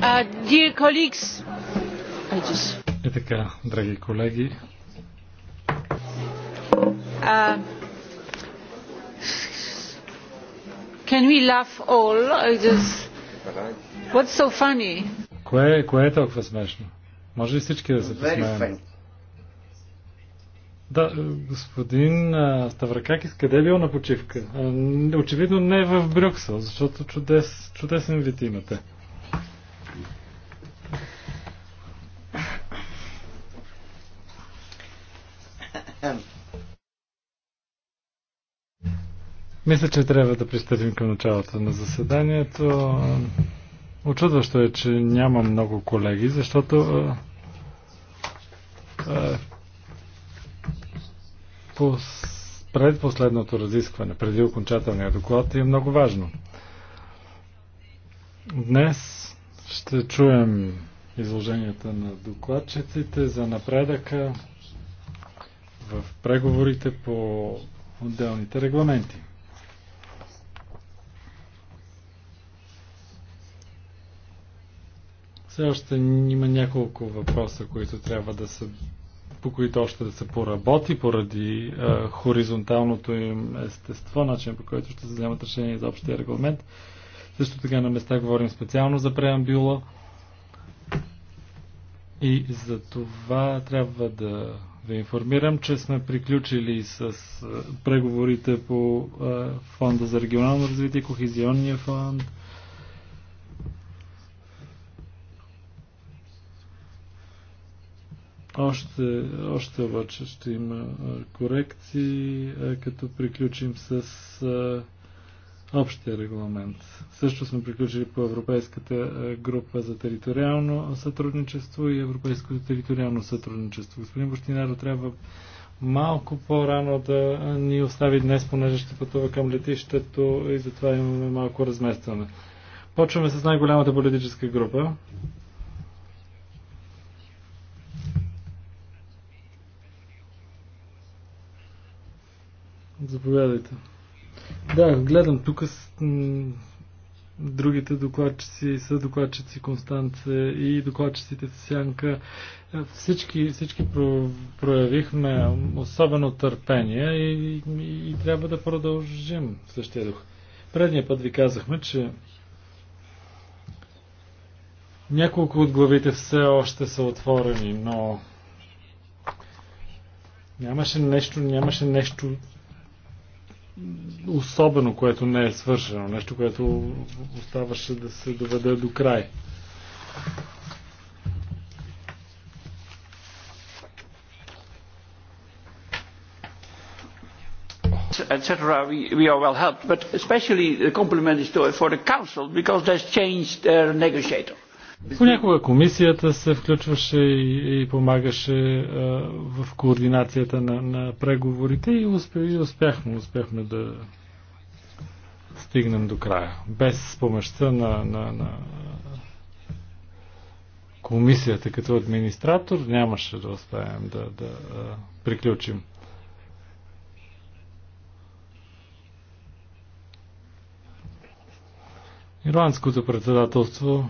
Uh, и така, драги колеги. Uh, can we laugh all? I just... What's so funny? Кое, кое е толкова смешно? Може ли всички да се посмеем? Да, господин Ставракакис, къде е бил на почивка? Очевидно не е в Брюксел, защото чудес, чудесен вид имате. Мисля, че трябва да пристъпим към началото на заседанието. Очудващо е, че няма много колеги, защото предпоследното разискване, преди окончателния доклад, е много важно. Днес ще чуем изложенията на докладчиците за напредъка в преговорите по отделните регламенти. Все още има няколко въпроса, които трябва да се по които още да се поработи поради е, хоризонталното им естество, начин по който ще се вземат решения за общия регламент. Също така на места говорим специално за преамбюла. И за това трябва да ви информирам, че сме приключили с преговорите по Фонда за регионално развитие, Кохезионния фонд, Още, още обаче ще има корекции, като приключим с общия регламент. Също сме приключили по Европейската група за териториално сътрудничество и Европейското териториално сътрудничество. Господин Бощинаро трябва малко по-рано да ни остави днес, понеже ще пътува към летището и затова имаме малко разместване. Почваме с най-голямата политическа група. Заповядайте. Да, гледам тук с другите докладчици, са докладчици Констанце и докладчиците Сянка. Е, всички, всички проявихме особено търпение и, и, и трябва да продължим в същия дух. Предния път ви казахме, че няколко от главите все още са отворени, но нямаше нещо, нямаше нещо особено, което не е свършено, нещо, което оставаше да се доведе до край. etc. We, we are well helped, but especially the compliment is to, for the Council because they changed their negotiator Понякога комисията се включваше и, и помагаше а, в координацията на, на преговорите и, успе, и успяхме, успяхме да стигнем до края. Без помощта на, на, на комисията като администратор нямаше да успеем да, да а, приключим. Ирландското председателство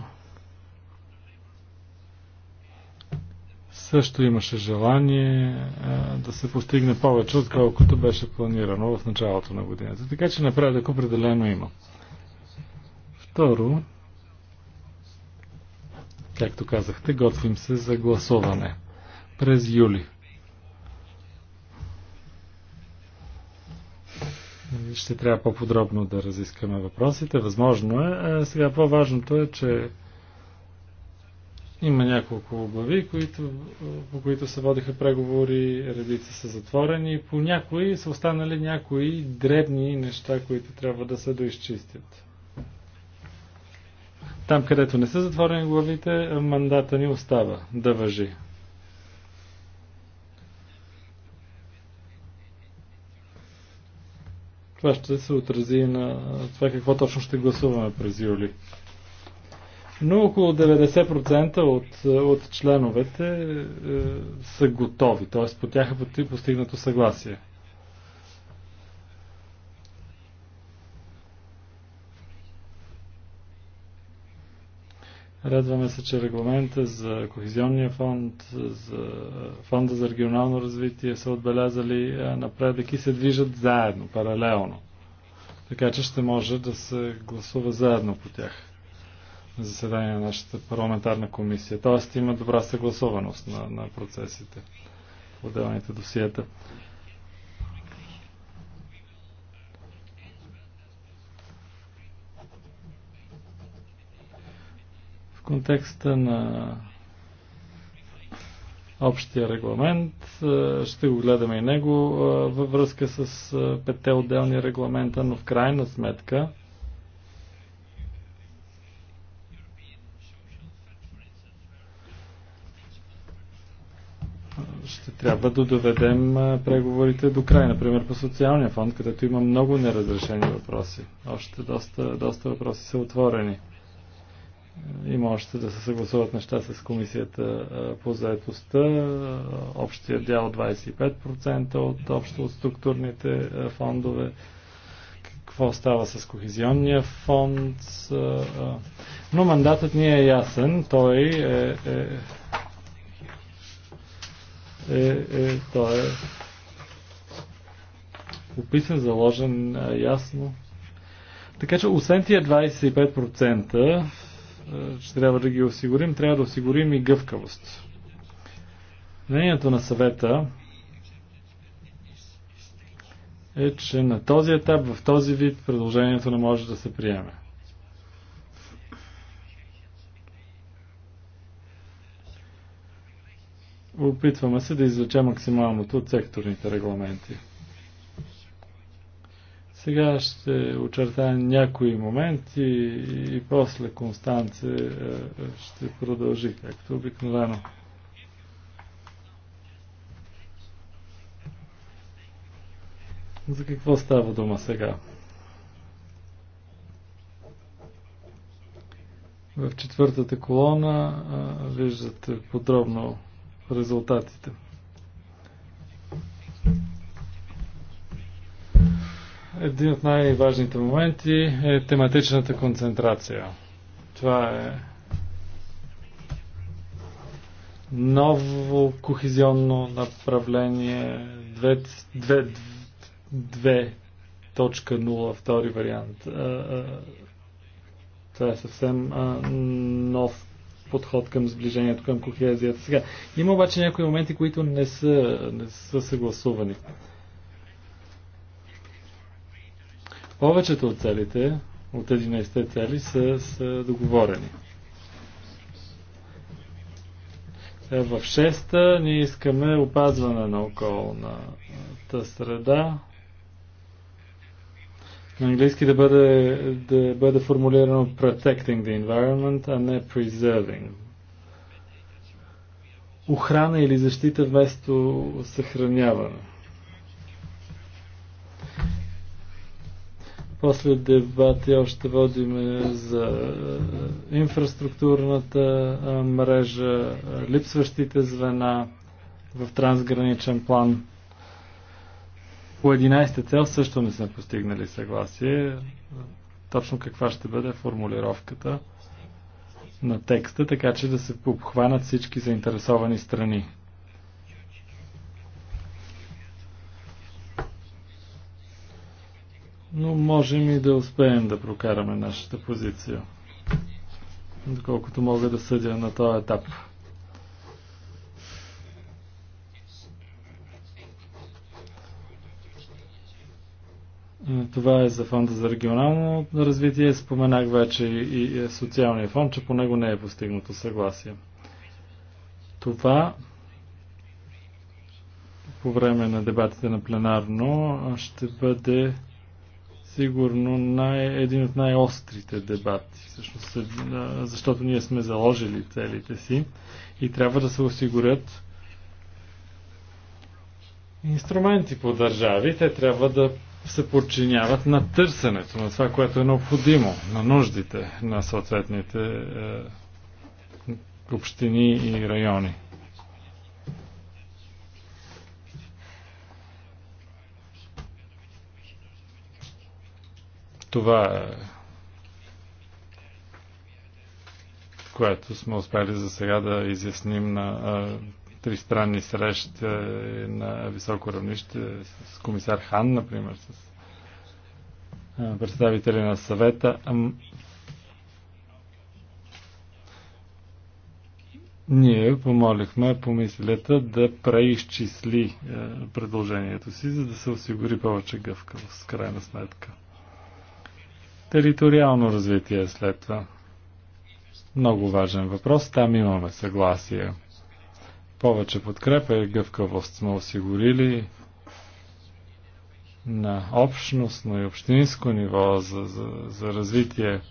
също имаше желание а, е, да се постигне повече, отколкото беше планирано в началото на годината. Така че напредък определено има. Второ, както казахте, готвим се за гласуване през юли. Ще трябва по-подробно да разискаме въпросите. Възможно е. А е, сега по-важното е, че има няколко глави, които, по които се водиха преговори, редица са затворени. По някои са останали някои дребни неща, които трябва да се доизчистят. Там, където не са затворени главите, мандата ни остава да въжи. Това ще се отрази на това какво точно ще гласуваме през юли но около 90% от, от членовете е, са готови, т.е. по тях е постигнато съгласие. Радваме се, че регламента за Кохизионния фонд, за фонда за регионално развитие са отбелязали е, напредък и се движат заедно, паралелно. Така че ще може да се гласува заедно по тях заседание на нашата парламентарна комисия. Тоест има добра съгласованост на, на процесите в отделните досиета. В контекста на общия регламент. Ще го гледаме и него във връзка с петте отделни регламента, но в крайна сметка трябва да доведем преговорите до край. Например, по социалния фонд, където има много неразрешени въпроси. Още доста, доста въпроси са отворени. Има още да се съгласуват неща с комисията по заедостта. Общия дял 25% от общо от структурните фондове какво става с кохезионния фонд. Но мандатът ни е ясен. Той е, е е, е, той е описан, заложен е, ясно. Така че, освен тия 25%, е, ще трябва да ги осигурим, трябва да осигурим и гъвкавост. Мнението на съвета е, че на този етап, в този вид, предложението не може да се приеме. Опитваме се да извлечем максималното от секторните регламенти. Сега ще очертая някои моменти и, после Констанце е, е, ще продължи, както обикновено. За какво става дума сега? В четвъртата колона виждате подробно резултатите. Един от най-важните моменти е тематичната концентрация. Това е ново кохезионно направление 2.0, втори вариант. Това е съвсем нов подход към сближението, към кохезията. Сега, има обаче някои моменти, които не са, не са съгласувани. Повечето от целите, от 11 цели, са, са договорени. Е, в шеста ние искаме опазване на околната среда, на английски да бъде, да бъде формулирано protecting the environment, а не preserving. Охрана или защита вместо съхраняване. После дебати още водим за инфраструктурната мрежа, липсващите звена в трансграничен план. По 11-та цел също не сме постигнали съгласие. Точно каква ще бъде формулировката на текста, така че да се обхванат всички заинтересовани страни. но можем и да успеем да прокараме нашата позиция, доколкото мога да съдя на този етап. Това е за фонда за регионално развитие. Споменах вече и социалния фонд, че по него не е постигнато съгласие. Това по време на дебатите на пленарно ще бъде сигурно най, един от най-острите дебати, всъщност, е, защото ние сме заложили целите си и трябва да се осигурят инструменти по държави. Те трябва да се подчиняват на търсенето, на това, което е необходимо, на нуждите на съответните е, общини и райони. Това е което сме успели за сега да изясним на е, тристранни срещи на високо равнище с комисар Хан, например, с представители на съвета. Ние помолихме помислята да преизчисли е, предложението си, за да се осигури повече гъвкавост, в крайна сметка. Териториално развитие е след това. Много важен въпрос. Там имаме съгласие. Повече подкрепа и гъвкавост сме осигурили на общностно и общинско ниво за, за, за развитие.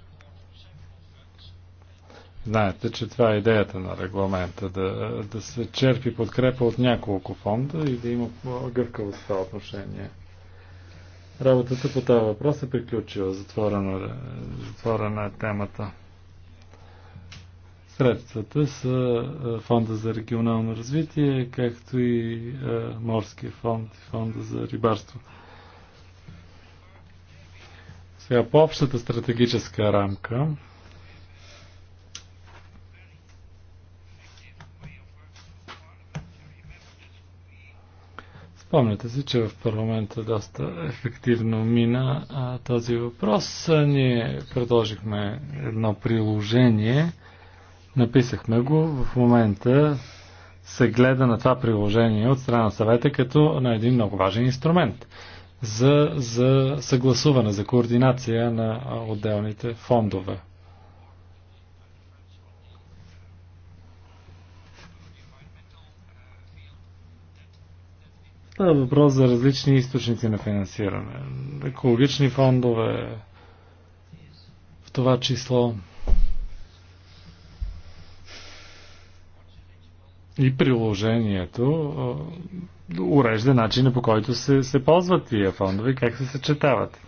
Знаете, че това е идеята на регламента, да, да се черпи подкрепа от няколко фонда и да има гъвкавост в това отношение. Работата по този въпрос е приключила. Затворена, затворена е темата. Средствата са е, Фонда за регионално развитие, както и е, Морския фонд и Фонда за рибарство. Сега по общата стратегическа рамка Спомняте си, че в парламента доста ефективно мина а, този въпрос. Ние предложихме едно приложение – Написахме го. В момента се гледа на това приложение от страна на съвета като на един много важен инструмент за, за съгласуване, за координация на отделните фондове. Това е въпрос за различни източници на финансиране. Екологични фондове, в това число и приложението урежда начина по който се, се ползват тия фондове и как се съчетават.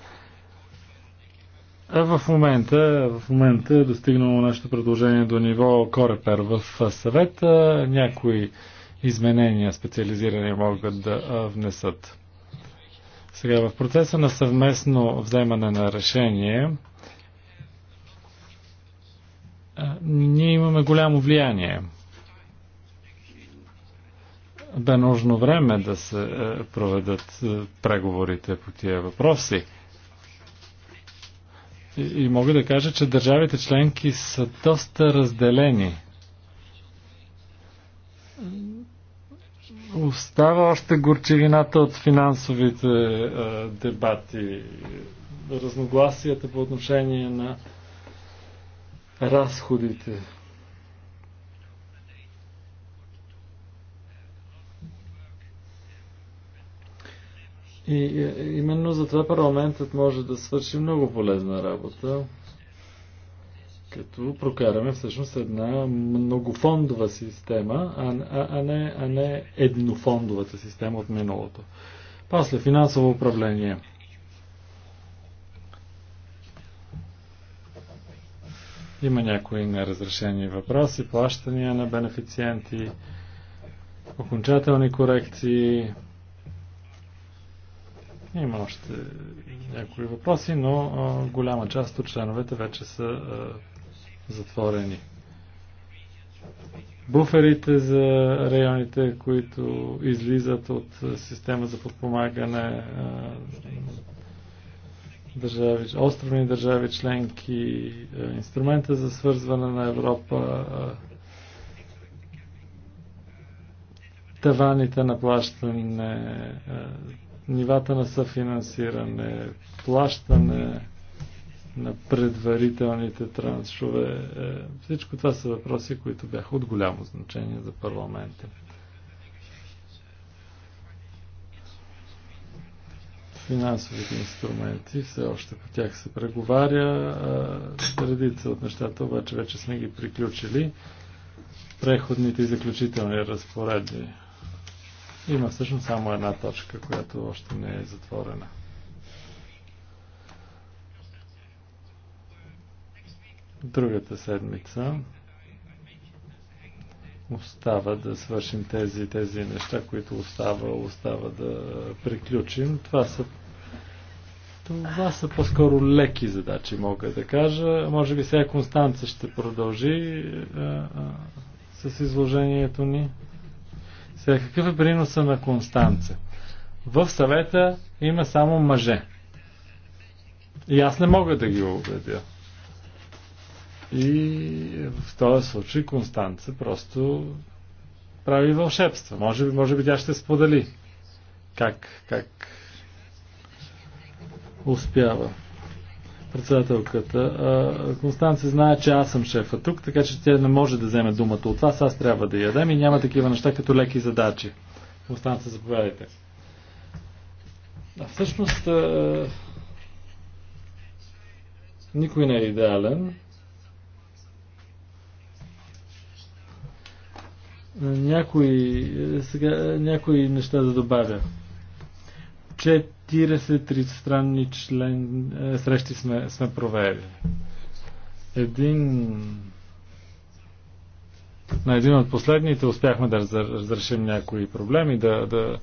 в момента, в момента е достигнало нашето предложение до ниво Корепер в съвета. Някои изменения специализирани могат да внесат. Сега в процеса на съвместно вземане на решение ние имаме голямо влияние бе нужно време да се е, проведат е, преговорите по тия въпроси. И, мога да кажа, че държавите членки са доста разделени. Остава още горчевината от финансовите е, дебати, разногласията по отношение на разходите. И именно затова парламентът може да свърши много полезна работа, като прокараме всъщност една многофондова система, а, а, а, не, а не еднофондовата система от миналото. После финансово управление. Има някои неразрешени въпроси, плащания на бенефициенти, окончателни корекции, има още някои въпроси, но а, голяма част от членовете вече са а, затворени. Буферите за районите, които излизат от система за подпомагане, а, държави, островни държави членки, инструмента за свързване на Европа, таваните на плащане, нивата на съфинансиране, плащане на предварителните траншове. Е, всичко това са въпроси, които бяха от голямо значение за парламента. финансовите инструменти, все още по тях се преговаря. Редица от нещата обаче вече сме ги приключили. Преходните и заключителни разпоредби има всъщност само една точка, която още не е затворена. Другата седмица остава да свършим тези тези неща, които остава, остава да приключим. Това са това са по-скоро леки задачи, мога да кажа. Може би сега Констанца ще продължи а, а, с изложението ни. Сега, какъв е приноса на Констанца? В съвета има само мъже. И аз не мога да ги убедя. И в този случай Констанца просто прави вълшебства. Може би, може би тя ще сподели как, как успява. Председателката, Констанция знае, че аз съм шефа тук, така че тя не може да вземе думата от вас. Аз трябва да ядем и няма такива неща като леки задачи. Констанция, заповядайте. А всъщност никой не е идеален. Някои, е, сега, е, някои неща да добавя. Че 43 странни член, е, срещи сме, сме провели. Един на един от последните успяхме да разрешим някои проблеми, да, да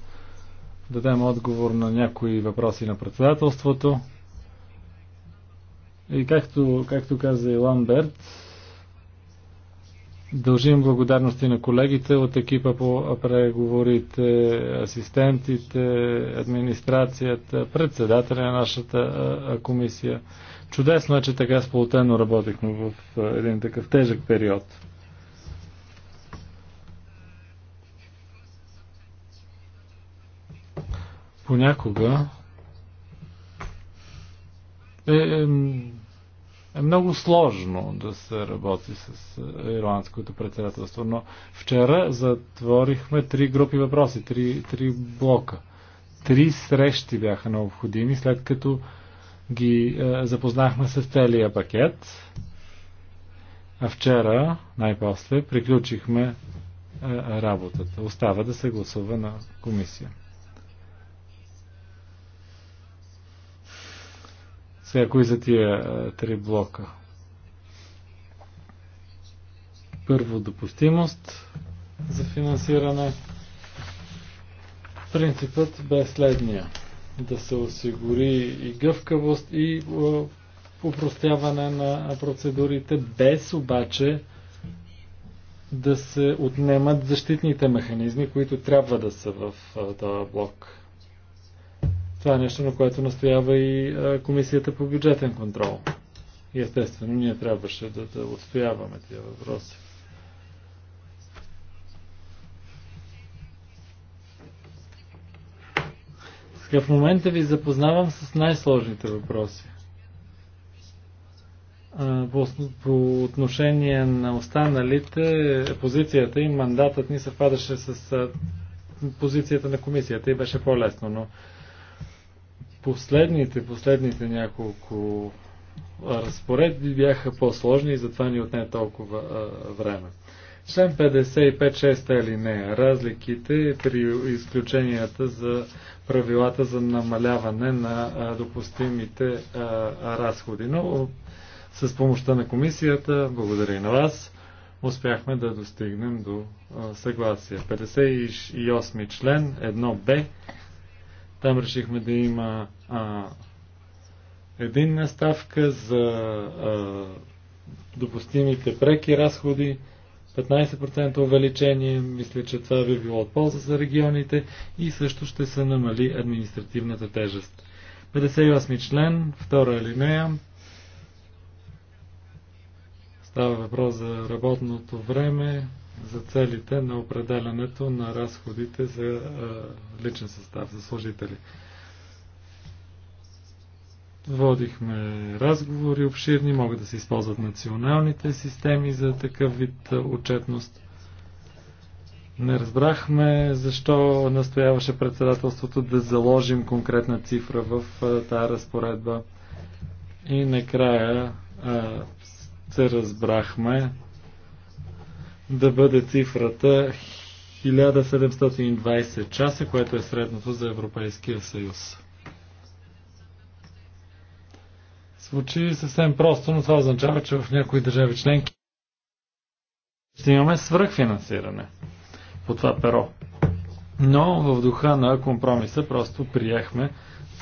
дадем отговор на някои въпроси на председателството. И както, както каза Илан Берт, Дължим благодарности на колегите от екипа по преговорите, асистентите, администрацията, председателя на нашата комисия. Чудесно е, че така сполутено работихме в един такъв тежък период. Понякога е, е е много сложно да се работи с е, ирландското председателство, но вчера затворихме три групи въпроси, три, три блока. Три срещи бяха необходими, след като ги е, запознахме с целия пакет. А вчера, най-после, приключихме е, работата. Остава да се гласува на комисия. Сега, кои са тия е, три блока? Първо, допустимост за финансиране. Принципът бе следния. Да се осигури и гъвкавост, и е, упростяване на процедурите, без обаче да се отнемат защитните механизми, които трябва да са в е, този блок. Това е нещо, на което настоява и Комисията по бюджетен контрол. И естествено, ние трябваше да, да отстояваме тия въпроси. Сега в момента ви запознавам с най-сложните въпроси. По, по отношение на останалите, позицията и мандатът ни съвпадаше с позицията на комисията и беше по-лесно, но Последните, последните няколко разпоредби бяха по-сложни и затова ни отне толкова а, време. Член 55.6 е алинея. Разликите при изключенията за правилата за намаляване на а, допустимите а, разходи. Но с помощта на комисията, благодаря и на вас, успяхме да достигнем до а, съгласие. 58 член 1б там решихме да има а, единна ставка за а, допустимите преки разходи, 15% увеличение, мисля, че това би било от полза за регионите и също ще се намали административната тежест. 58 член, втора алинея. Става въпрос за работното време, за целите на определянето на разходите за личен състав, за служители. Водихме разговори обширни, могат да се използват националните системи за такъв вид отчетност. Не разбрахме защо настояваше председателството да заложим конкретна цифра в тази разпоредба. И накрая се разбрахме да бъде цифрата 1720 часа, което е средното за Европейския съюз. Звучи съвсем просто, но това означава, че в някои държави членки ще имаме свръхфинансиране по това перо. Но в духа на компромиса просто приехме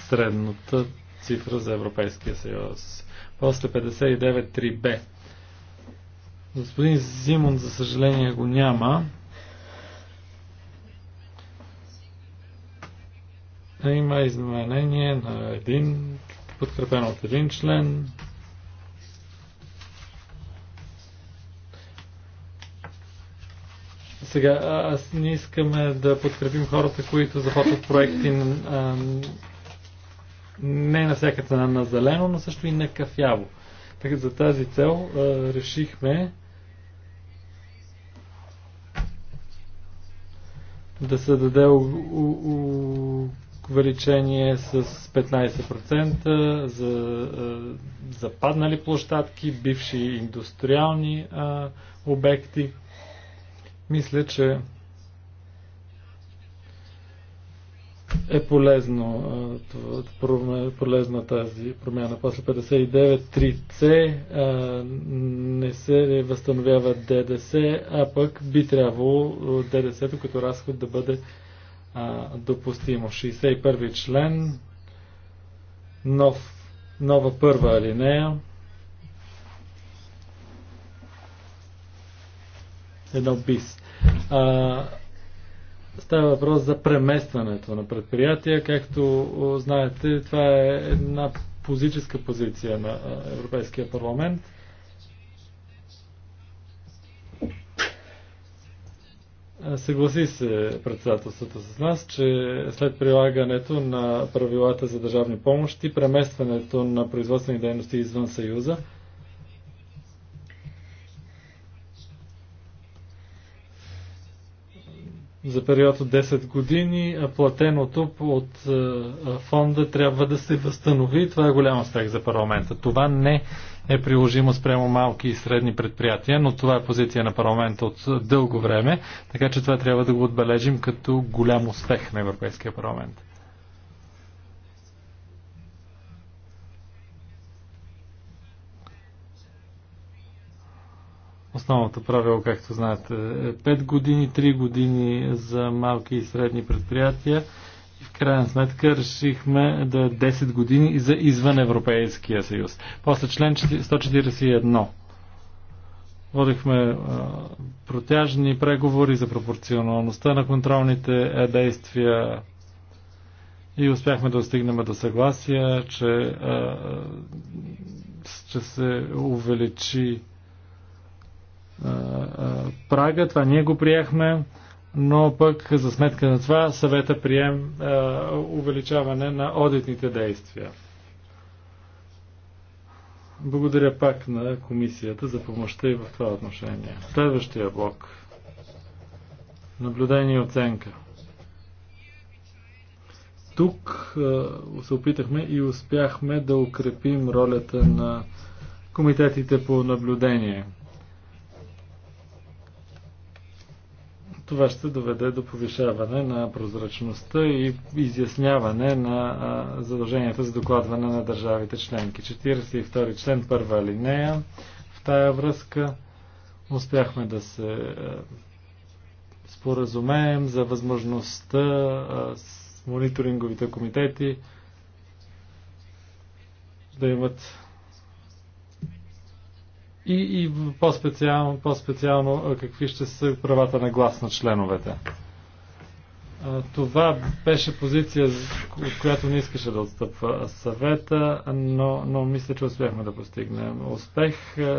средната цифра за Европейския съюз. После 59.3b Господин Зимон, за съжаление, го няма. Има изменение на един, подкрепен от един член. Сега, аз не искаме да подкрепим хората, които започват проекти а, не на всяка цена на зелено, но също и на кафяво. Така за тази цел а, решихме да се даде увеличение с 15% за западнали площадки, бивши индустриални обекти. Мисля, че е полезно, полезна тази промяна. После 59.3c не се възстановява ДДС, а пък би трябвало ДДС-то като разход да бъде допустимо. 61 член, нов, нова първа алинея. Едно бис. Става въпрос за преместването на предприятия. Както знаете, това е една позическа позиция на Европейския парламент. Съгласи се председателството с нас, че след прилагането на правилата за държавни помощи, преместването на производствени дейности извън Съюза, за период от 10 години, а платеното от е, е, фонда трябва да се възстанови. Това е голям успех за парламента. Това не е приложимо спрямо малки и средни предприятия, но това е позиция на парламента от дълго време, така че това трябва да го отбележим като голям успех на Европейския парламент. Основното правило, както знаете, е 5 години, 3 години за малки и средни предприятия. И в крайна сметка решихме да е 10 години за извън Европейския съюз. После член 141. Водихме протяжни преговори за пропорционалността на контролните действия и успяхме да достигнем до съгласие, че, че се увеличи прага. Това ние го приехме, но пък за сметка на това съвета прием увеличаване на одитните действия. Благодаря пак на комисията за помощта и в това отношение. Следващия блок. Наблюдение и оценка. Тук се опитахме и успяхме да укрепим ролята на комитетите по наблюдение. Това ще доведе до повишаване на прозрачността и изясняване на задълженията за докладване на държавите членки. 42 член, първа линея. В тая връзка успяхме да се споразумеем за възможността с мониторинговите комитети да имат и, и по-специално, по-специално какви ще са правата на глас на членовете. Това беше позиция, от която не искаше да отстъпва съвета, но, но мисля, че успяхме да постигнем успех.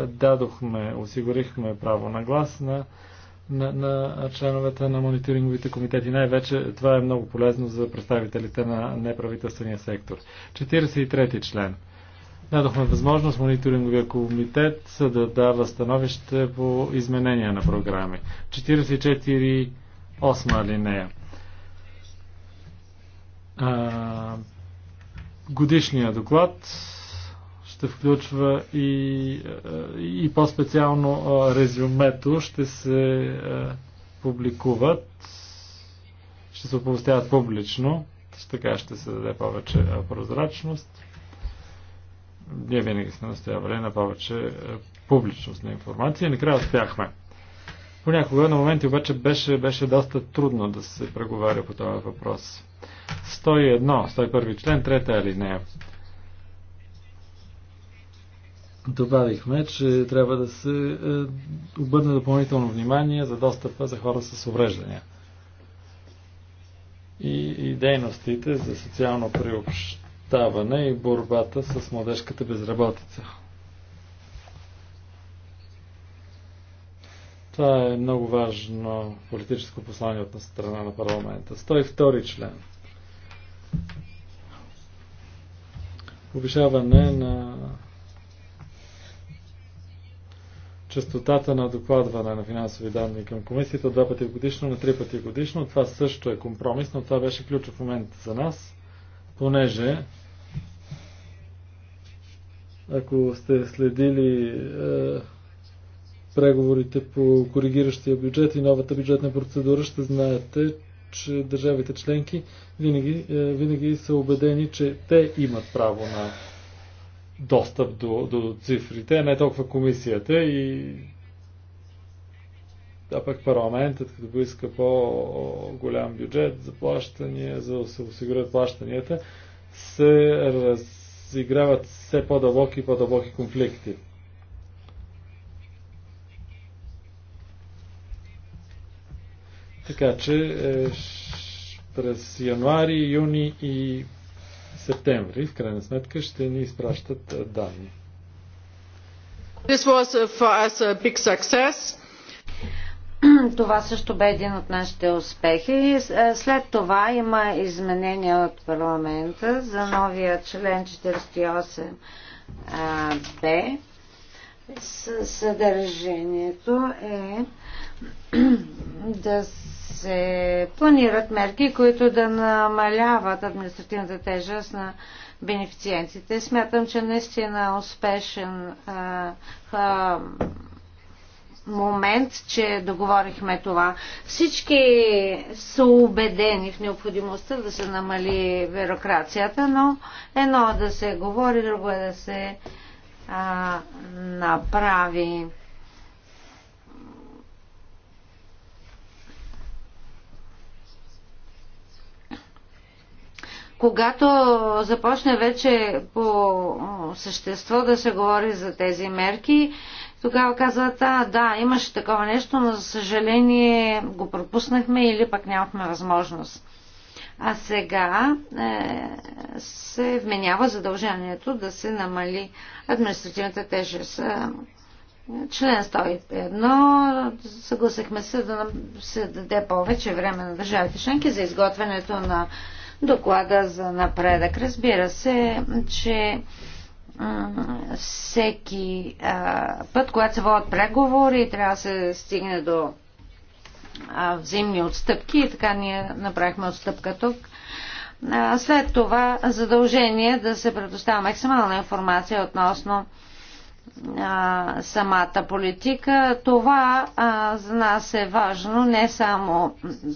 Дадохме, осигурихме право на глас на, на, на членовете на мониторинговите комитети. Най-вече това е много полезно за представителите на неправителствения сектор. 43 ти член. Дадохме възможност мониторинговия комитет да дава становище по изменения на програми. 44 8 линея. А, годишния доклад ще включва и, и по-специално резюмето ще се публикуват, ще се оповестяват публично, така ще се даде повече прозрачност ние винаги сме настоявали на повече е, публичност на информация и накрая успяхме. Понякога на моменти обаче беше, беше доста трудно да се преговаря по този въпрос. 101, 101 член, трета алинея. Добавихме, че трябва да се е, обърне допълнително внимание за достъпа за хора с увреждания. И, и дейностите за социално приобщение изоставане и борбата с младежката безработица. Това е много важно политическо послание от страна на парламента. 102 член. Повишаване на частотата на докладване на финансови данни към комисията два пъти годишно на три пъти годишно. Това също е компромис, но това беше ключов момент за нас, понеже ако сте следили е, преговорите по коригиращия бюджет и новата бюджетна процедура, ще знаете, че държавите членки винаги, е, винаги са убедени, че те имат право на достъп до, до, до цифрите, не толкова комисията и а пък парламентът, като поиска по-голям бюджет за плащания, за да се осигурят плащанията, се раз, изиграват все по-дълбоки и по-дълбоки конфликти. Така че е, през януари, юни и септември, в крайна сметка, ще ни изпращат е, данни. This was uh, for us a big success. Това също бе един от нашите успехи. След това има изменения от парламента за новия член 48б. Съдържанието е да се планират мерки, които да намаляват административната тежест на бенефициентите. Смятам, че наистина успешен а, а, момент, че договорихме това. Всички са убедени в необходимостта да се намали бюрокрацията, но едно е да се говори, друго е да се а, направи. когато започне вече по същество да се говори за тези мерки, тогава казват, а, да, имаше такова нещо, но за съжаление го пропуснахме или пък нямахме възможност. А сега е, се вменява задължението да се намали административната тежест. Е, член 101 съгласихме се да се даде повече време на държавите членки за изготвянето на доклада за напредък. Разбира се, че всеки път, когато се водят преговори, трябва да се стигне до взаимни отстъпки и така ние направихме отстъпка тук. след това задължение да се предоставя максимална информация относно а, самата политика. Това а, за нас е важно не само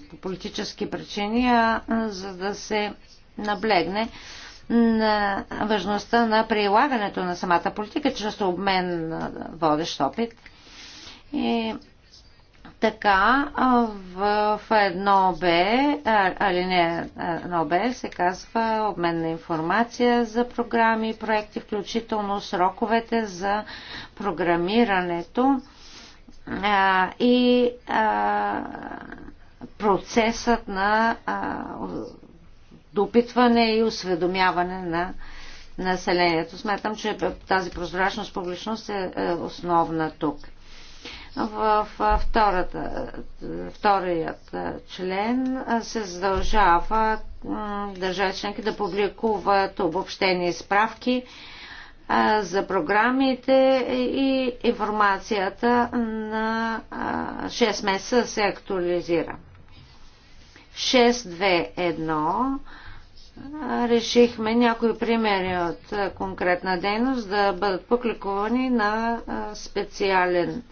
по политически причини, а за да се наблегне а, на важността на прилагането на самата политика, чрез обмен на водещ опит. И така, в 1Б, алинея 1Б се казва обмен на информация за програми и проекти, включително сроковете за програмирането а, и а, процесът на а, допитване и осведомяване на населението. Сметам, че тази прозрачност, публичност е, е основна тук. В втората, вторият е, член е, се задължава държави членки да публикуват обобщени справки за програмите и информацията на 6 месеца се актуализира. 6.2.1 решихме някои примери от конкретна дейност да бъдат публикувани на специален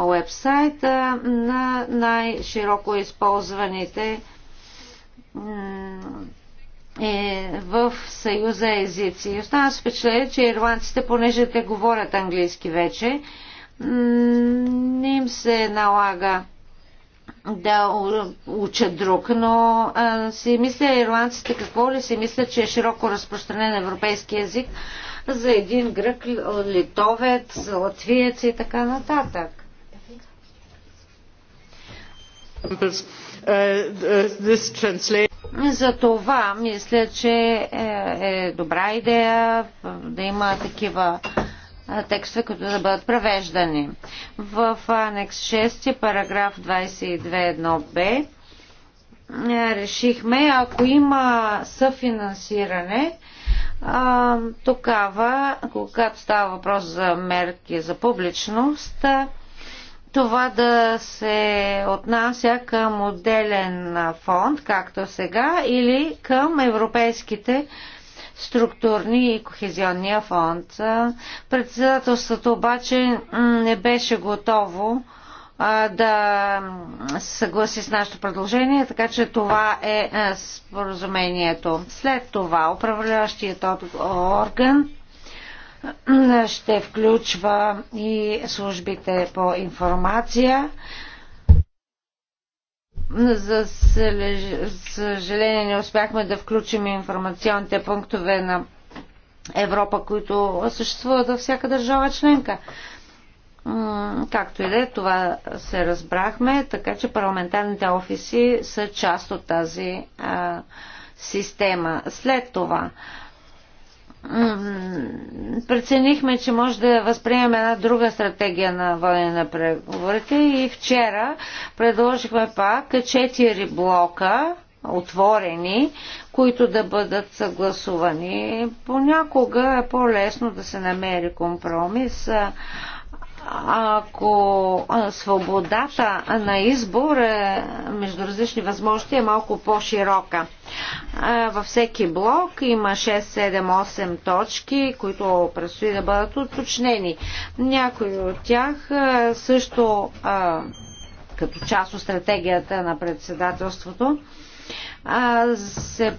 уебсайт на най-широко използваните е в Съюза езици. Остана се впечатление, че ирландците, понеже те говорят английски вече, не им се налага да учат друг, но а, си мисля ирландците какво ли си мисля, че е широко разпространен европейски язик за един грък, литовец, латвиец и така нататък. За това мисля, че е, е добра идея да има такива а, текстове, които да бъдат превеждани. В анекс 6, параграф 22.1b е, решихме, ако има съфинансиране, тогава, когато става въпрос за мерки за публичност, това да се отнася към отделен фонд, както сега, или към европейските структурни и кохезионния фонд. Председателството обаче не беше готово да се съгласи с нашето предложение, така че това е споразумението. След това управляващият орган ще включва и службите по информация, за съжаление не успяхме да включим информационните пунктове на Европа, които съществуват във всяка държава членка. Както и да е, това се разбрахме, така че парламентарните офиси са част от тази а, система. След това, а, преценихме, че може да възприемем една друга стратегия на водене на преговорите и вчера предложихме пак четири блока отворени, които да бъдат съгласувани. Понякога е по-лесно да се намери компромис ако свободата на избор е, между различни възможности е малко по-широка. Във всеки блок има 6, 7, 8 точки, които предстои да бъдат уточнени. Някои от тях също като част от стратегията на председателството се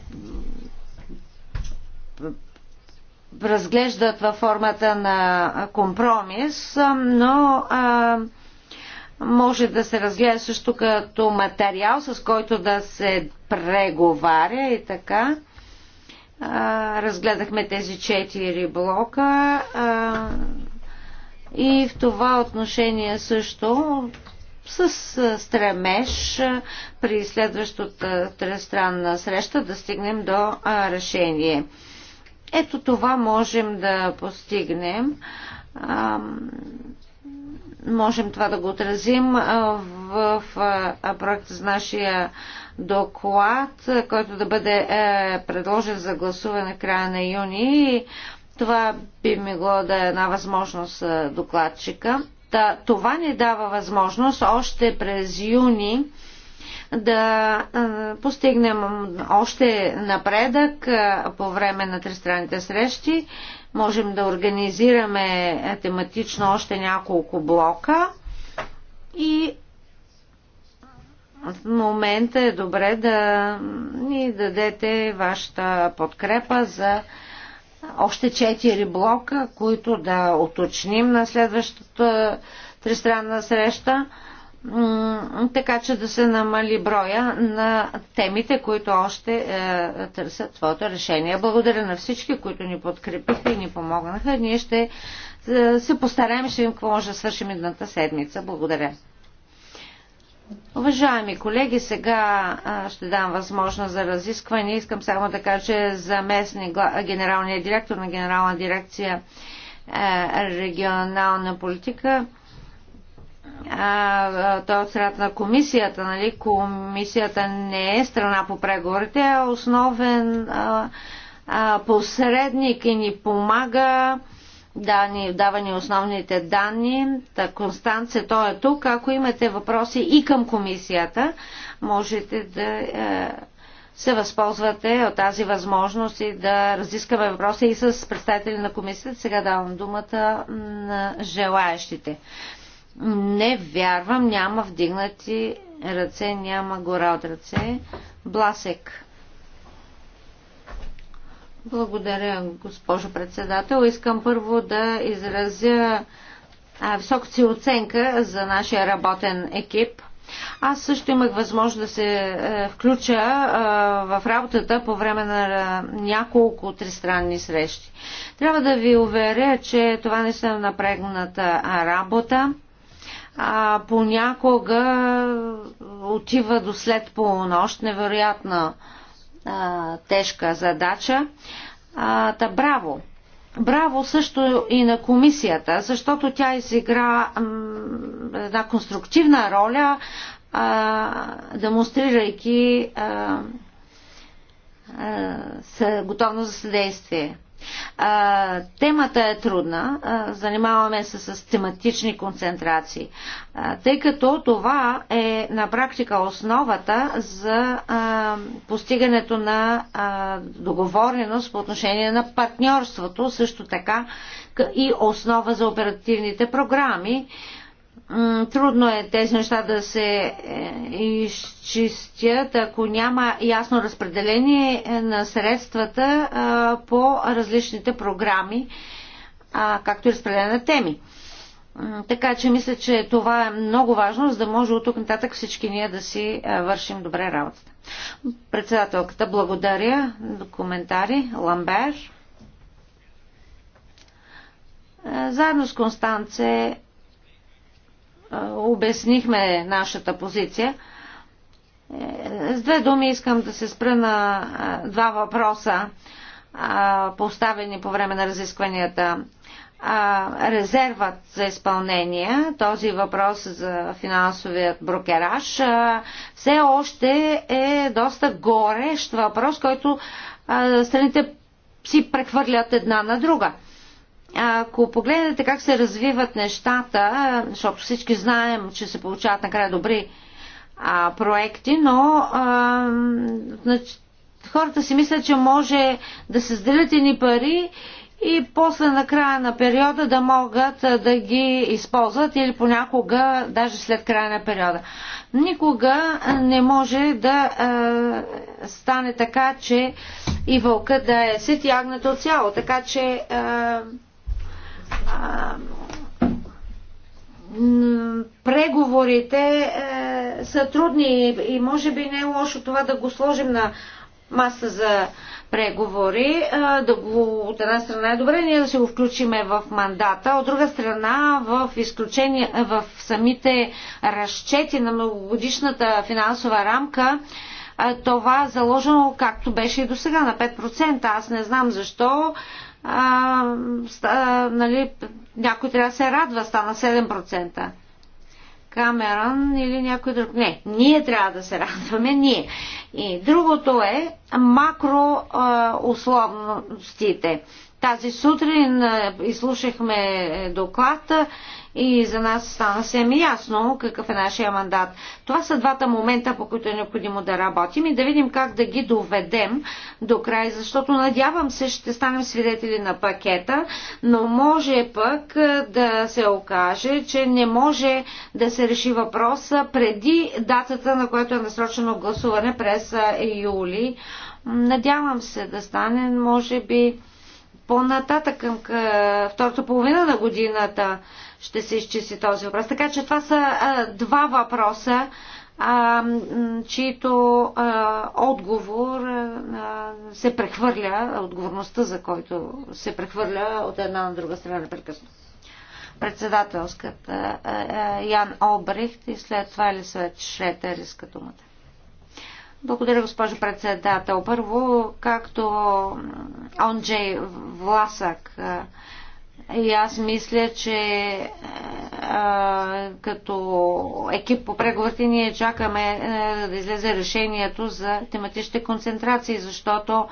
разглеждат във формата на компромис, но а, може да се разгледа също като материал, с който да се преговаря и така. А, разгледахме тези четири блока а, и в това отношение също с стремеж при следващата тристранна среща да стигнем до решение. Ето това можем да постигнем. Можем това да го отразим в проект с нашия доклад, който да бъде е, предложен за гласуване края на юни. Това би могло да е една възможност докладчика. това ни дава възможност още през юни да постигнем още напредък по време на тристранните срещи. Можем да организираме тематично още няколко блока и в момента е добре да ни дадете вашата подкрепа за още четири блока, които да уточним на следващата тристранна среща така че да се намали броя на темите, които още е, търсят твоето решение. Благодаря на всички, които ни подкрепиха и ни помогнаха. Ние ще е, се постараем, ще им какво може да свършим едната седмица. Благодаря. Уважаеми колеги, сега ще дам възможност за разискване. Искам само да кажа, че заместник генералния директор на генерална дирекция е, регионална политика то той е от страната на комисията. Нали? Комисията не е страна по преговорите, а е основен а, а, посредник и ни помага да ни дава ни основните данни. Та Констанция, той е тук. Ако имате въпроси и към комисията, можете да е, се възползвате от тази възможност и да разискаме въпроси и с представители на комисията. Сега давам думата на желаящите. Не вярвам, няма вдигнати ръце, няма гора от ръце. Бласек. Благодаря, госпожо председател. Искам първо да изразя високо си оценка за нашия работен екип. Аз също имах възможност да се е, включа е, в работата по време на е, няколко тристранни срещи. Трябва да ви уверя, че това не са напрегната работа а, понякога отива до след полунощ, невероятна а, тежка задача. А, та браво! Браво също и на комисията, защото тя изигра една конструктивна роля, а, демонстрирайки а, а, готовност за съдействие. А, темата е трудна. А, занимаваме се с тематични концентрации, а, тъй като това е на практика основата за а, постигането на а, договореност по отношение на партньорството, също така и основа за оперативните програми. А, трудно е тези неща да се е, изчистят, ако няма ясно разпределение е, на средствата е, по различните програми, както и разпределение на теми. Така че мисля, че това е много важно, за да може от тук нататък всички ние да си вършим добре работата. Председателката, благодаря. Коментари. Ламбер. Заедно с Констанце обяснихме нашата позиция. Е, с две думи искам да се спра на два въпроса, поставени по време на разискванията. Резервът за изпълнение, този въпрос за финансовият брокераж, все още е доста горещ въпрос, който страните си прехвърлят една на друга. Ако погледнете как се развиват нещата, защото всички знаем, че се получават накрая добри а, проекти, но а, значи, хората си мислят, че може да се сделят ини пари и после на края на периода да могат да ги използват или понякога даже след края на периода. Никога не може да а, стане така, че и вълка да е сит и цяло. Така че а, преговорите е, са трудни и може би не е лошо това да го сложим на маса за преговори, да го от една страна е добре ние да се го включиме в мандата, от друга страна в, изключение, в самите разчети на многогодишната финансова рамка това е заложено както беше и до сега на 5%. Аз не знам защо а, нали, някой трябва да се радва, стана 7%. Камерън или някой друг. Не, ние трябва да се радваме, ние. И другото е макроусловностите. Тази сутрин е, изслушахме е, доклада е, и за нас стана съвсем ясно какъв е нашия мандат. Това са двата момента, по които е необходимо да работим и да видим как да ги доведем до край, защото надявам се ще станем свидетели на пакета, но може пък да се окаже, че не може да се реши въпроса преди датата, на която е насрочено гласуване през юли. Надявам се да стане, може би по-нататък към втората половина на годината ще се изчисти този въпрос. Така че това са а, два въпроса, а, чието а, отговор а, се прехвърля, отговорността за който се прехвърля от една на друга страна непрекъснато. Председателската а, а, Ян Обрихт и след това ли след Шретер иска думата. Благодаря, госпожо председател. Първо, както Онджей Власък И аз мисля, че а, като екип по преговорите ние чакаме а, да излезе решението за тематичните концентрации, защото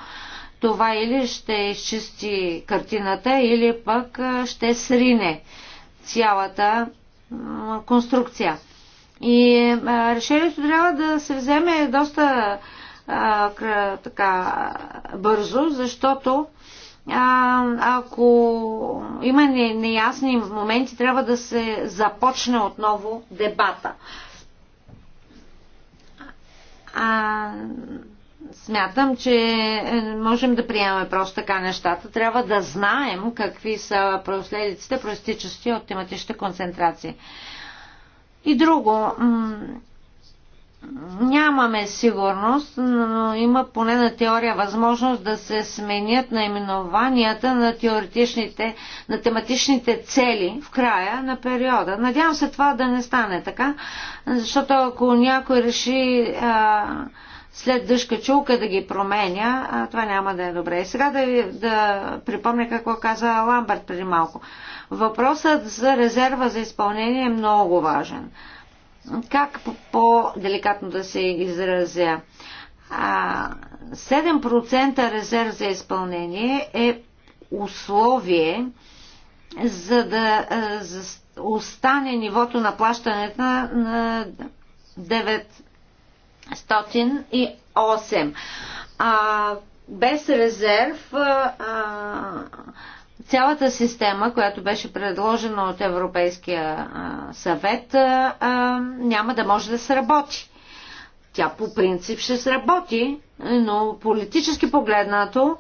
това или ще изчисти картината, или пък ще срине цялата конструкция. И а, решението трябва да се вземе доста а, така, бързо, защото а, ако има неясни моменти, трябва да се започне отново дебата. А, смятам, че можем да приемаме просто така нещата. Трябва да знаем какви са последиците, проистичащи от тематичната концентрация. И друго, нямаме сигурност, но има поне на теория възможност да се сменят наименованията на теоретичните, на тематичните цели в края на периода. Надявам се това да не стане така, защото ако някой реши а, след дъжка чулка да ги променя, а, това няма да е добре. И сега да, да припомня какво каза Ламбърт преди малко. Въпросът за резерва за изпълнение е много важен. А, как по-деликатно да се изразя. 7% резерв за изпълнение е условие, за да остане нивото на плащането на 908. А, без резерв а, цялата система, която беше предложена от Европейския съвет, няма да може да сработи. Тя по принцип ще сработи, но политически погледнато,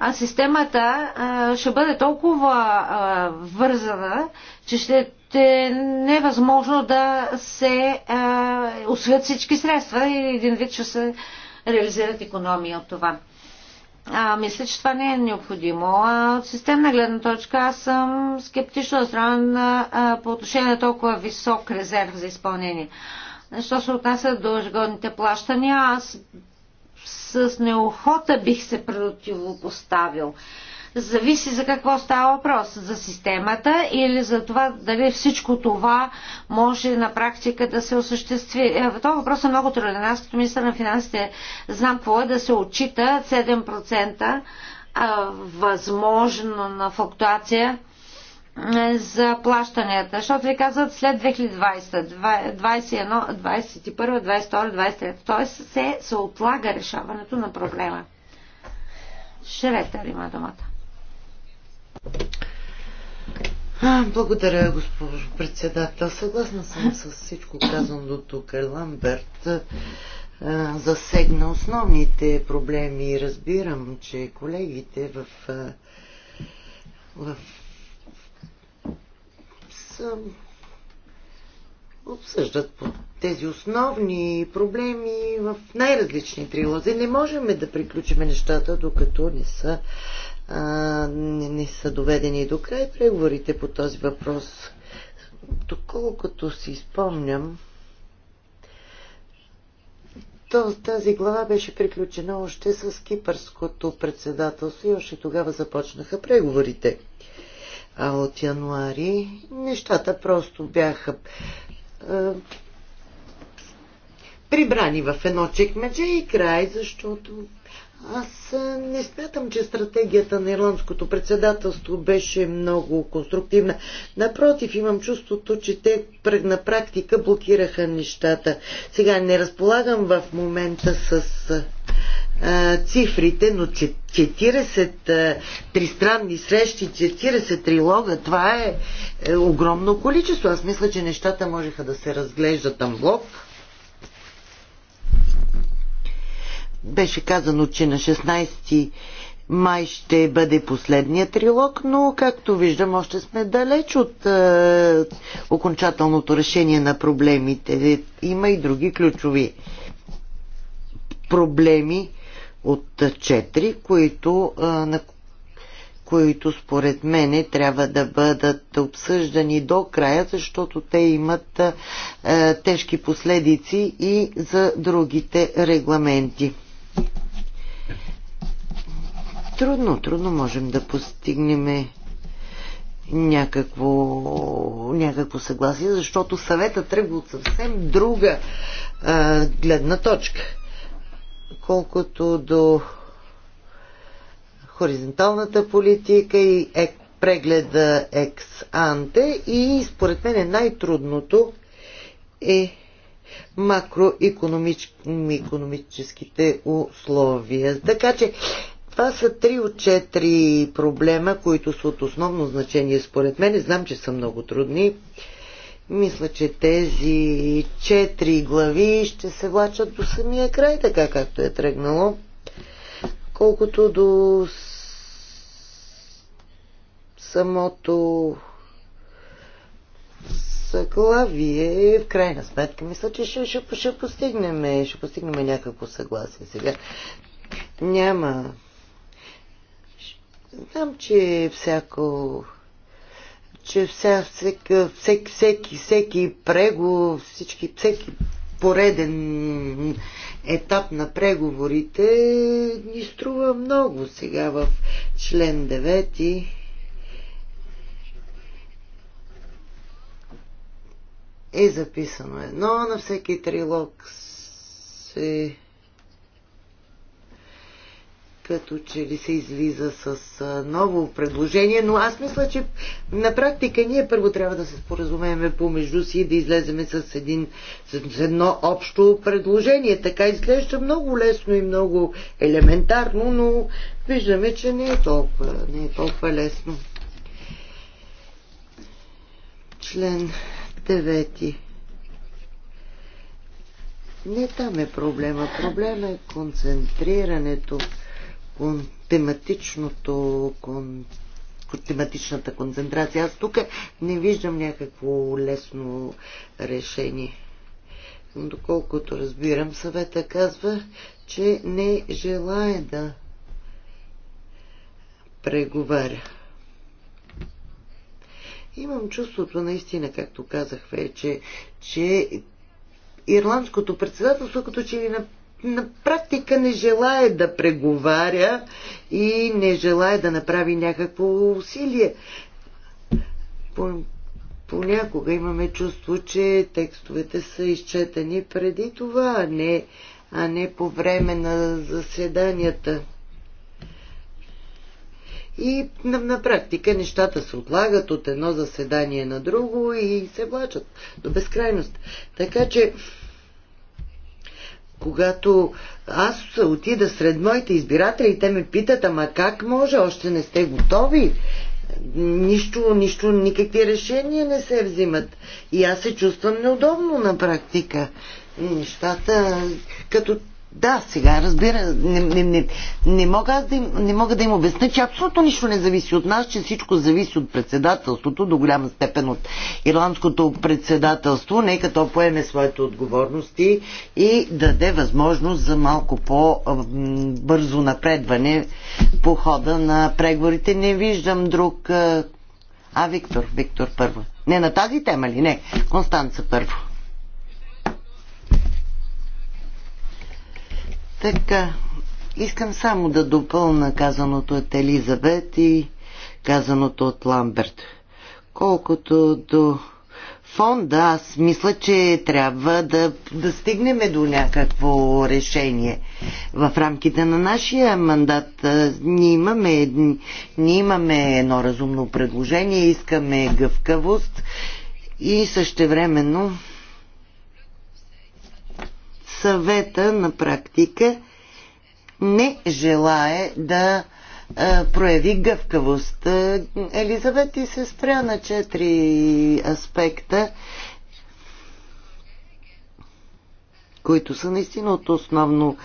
а системата а, ще бъде толкова а, вързана, че ще е невъзможно да се освят усвят всички средства и един вид ще се реализират економия от това. А, мисля, че това не е необходимо. А, от системна гледна точка аз съм скептично настроен по отношение на толкова висок резерв за изпълнение. Що се отнася до ежегодните плащания, аз с неохота бих се противопоставил зависи за какво става въпрос. За системата или за това дали всичко това може на практика да се осъществи. Е, това въпрос е много труден. Аз като министър на финансите знам какво е да се отчита 7% възможно на флуктуация за плащанията, защото ви казват след 2020, 21, 21, 22, 23, т.е. се, се отлага решаването на проблема. Шретер има думата. Благодаря, госпожо председател. Съгласна съм с всичко казано до тук. Ламберт засегна основните проблеми. Разбирам, че колегите в, в са, обсъждат по тези основни проблеми в най-различни трилози. Не можем да приключим нещата, докато не са не, не са доведени до край преговорите по този въпрос. Доколкото си спомням, то тази глава беше приключена още с кипърското председателство и още тогава започнаха преговорите. А от януари нещата просто бяха а, прибрани в едно чекмедже и край, защото аз не смятам, че стратегията на ирландското председателство беше много конструктивна. Напротив, имам чувството, че те на практика блокираха нещата. Сега не разполагам в момента с а, цифрите, но 40 тристранни срещи, 40 трилога, това е, е огромно количество. Аз мисля, че нещата можеха да се разглеждат на блок беше казано, че на 16 май ще бъде последният трилог, но както виждам, още сме далеч от е, окончателното решение на проблемите. Има и други ключови проблеми от 4, които, е, на, които според мене трябва да бъдат обсъждани до края, защото те имат е, тежки последици и за другите регламенти. Трудно, трудно можем да постигнем някакво, някакво съгласие, защото съвета тръгва от съвсем друга а, гледна точка. Колкото до хоризонталната политика и ек, прегледа екс-анте и според мен е най-трудното е макроекономическите условия. Така че това са три от четири проблема, които са от основно значение според мен. Знам, че са много трудни. Мисля, че тези четири глави ще се влачат до самия край, така както е тръгнало. Колкото до самото съглавие в крайна сметка, мисля, че ще, ще, ще, постигнем, ще постигнем някакво съгласие. Сега няма Знам, че всяко че вся, всека, всеки, всеки, всеки прего, всички, всеки пореден етап на преговорите ни струва много сега в член 9. Е записано едно, на всеки трилог се като че ли се излиза с ново предложение, но аз мисля, че на практика ние първо трябва да се споразумеем помежду си и да излеземе с, един, с едно общо предложение. Така изглежда много лесно и много елементарно, но виждаме, че не е толкова, не е толкова лесно. Член 9. Не там е проблема. Проблема е концентрирането тематичното тематичната концентрация. Аз тук не виждам някакво лесно решение. Доколкото разбирам, съвета казва, че не желая да преговаря. Имам чувството наистина, както казах вече, че ирландското председателство като че ли на на практика не желая да преговаря и не желая да направи някакво усилие. Понякога имаме чувство, че текстовете са изчетени преди това, а не, а не по време на заседанията. И на, на практика нещата се отлагат от едно заседание на друго и се влачат до безкрайност. Така че когато аз отида сред моите избиратели и те ме питат, ама как може, още не сте готови? Нищо, нищо, никакви решения не се взимат. И аз се чувствам неудобно на практика. Нещата, като да, сега разбира, не, не, не, не, мога аз да им, не мога да им обясня, че абсолютно нищо не зависи от нас, че всичко зависи от председателството, до голяма степен от ирландското председателство. Нека то поеме своите отговорности и даде възможност за малко по-бързо напредване по хода на преговорите. Не виждам друг. А, Виктор, Виктор първо. Не на тази тема ли? Не. Констанца първо. Така, искам само да допълна казаното от Елизабет и казаното от Ламберт. Колкото до фонда, аз мисля, че трябва да, да стигнем до някакво решение. В рамките на нашия мандат ние имаме, ни имаме едно разумно предложение, искаме гъвкавост и същевременно времено съвета на практика не желае да прояви гъвкавост. Елизавет и се спря на четири аспекта, които са наистина от основно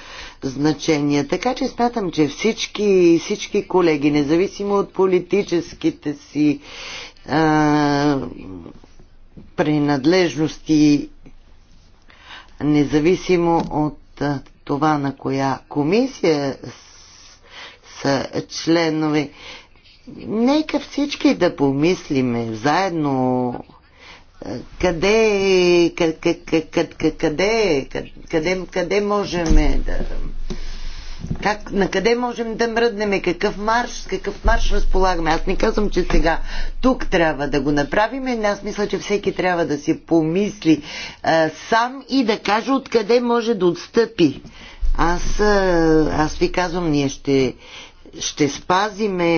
значение. Така че смятам, че всички, всички колеги, независимо от политическите си а, принадлежности независимо от това на коя комисия са членове, нека всички да помислиме заедно къде, къде, къде, къде, къде можем да как, на къде можем да мръднеме? Какъв марш, какъв марш разполагаме? Аз не казвам, че сега тук трябва да го направим. Аз мисля, че всеки трябва да си помисли а, сам и да каже откъде може да отстъпи. Аз, а, аз ви казвам, ние ще, ще спазиме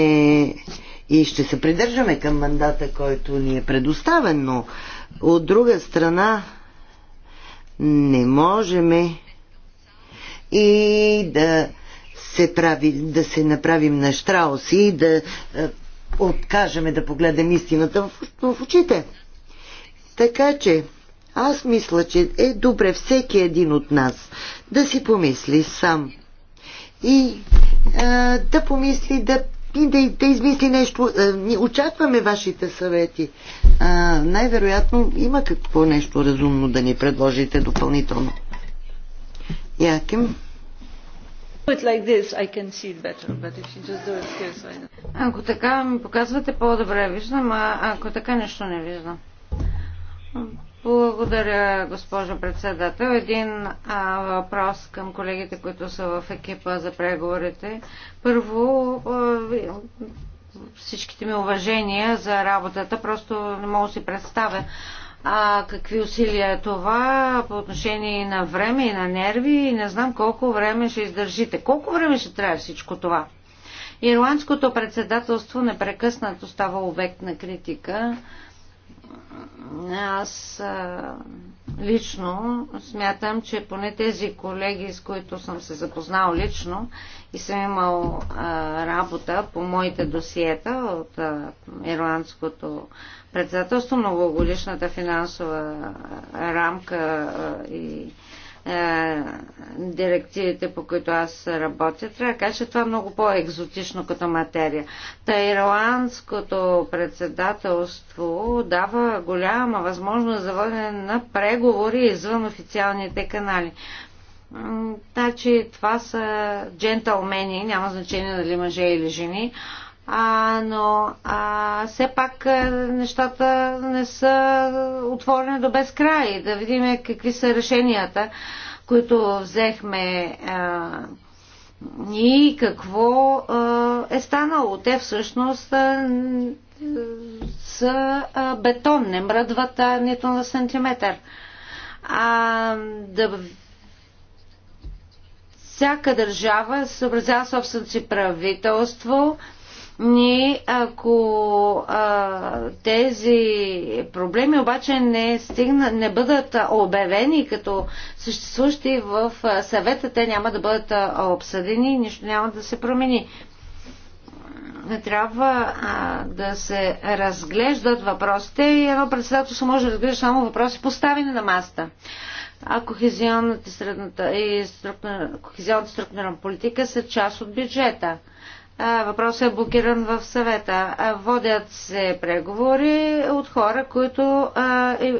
и ще се придържаме към мандата, който ни е предоставен, но от друга страна не можеме и да се, прави, да се направим на Штрауси и да е, откажеме да погледнем истината в, в очите. Така че, аз мисля, че е добре всеки един от нас да си помисли сам и а, е, да помисли да и да, да измисли нещо. Е, ни очакваме вашите съвети. най-вероятно има какво нещо разумно да ни предложите допълнително. Яким. ако така ми показвате по-добре виждам, а ако така нещо не виждам. Благодаря, госпожо председател. Един а, въпрос към колегите, които са в екипа за преговорите. Първо, а, всичките ми уважения за работата, просто не мога да си представя а, какви усилия е това по отношение и на време, и на нерви, и не знам колко време ще издържите. Колко време ще трябва всичко това? Ирландското председателство непрекъснато става обект на критика аз а, лично смятам, че поне тези колеги, с които съм се запознал лично и съм имал а, работа по моите досиета от а, ирландското председателство, многогодишната финансова рамка а, и е, директивите, по които аз работя. Трябва да кажа, че това е много по-екзотично като материя. Та ирландското председателство дава голяма възможност за водене на преговори извън официалните канали. Значи това са джентълмени, няма значение дали мъже или жени а, но а, все пак а, нещата не са отворени до безкрай. Да видим какви са решенията, които взехме а, и какво а, е станало. Те всъщност а, са а, бетон, не мръдват а, нито на сантиметър. А, да всяка държава съобразява собственото си правителство, ни, ако а, тези проблеми обаче не, стигна, не бъдат обявени като съществуващи в съвета, те няма да бъдат обсъдени и нищо няма да се промени. Трябва а, да се разглеждат въпросите и едно председателство може да разглежда само въпроси поставени на маста а кохезионната, средната, и структура, кохезионната структурна политика са част от бюджета въпросът е блокиран в съвета. Водят се преговори от хора, които е,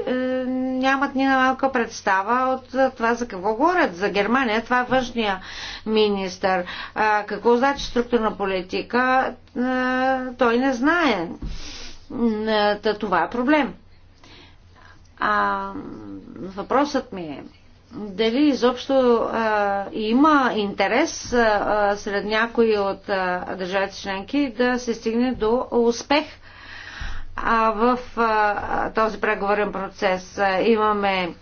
нямат ни на малка представа от това за какво говорят. За Германия това е външния министр. Какво значи структурна политика? Той не знае. Това е проблем. А, въпросът ми е, дали изобщо а, има интерес а, сред някои от а, държавите членки да се стигне до успех а, в а, този преговорен процес. А, имаме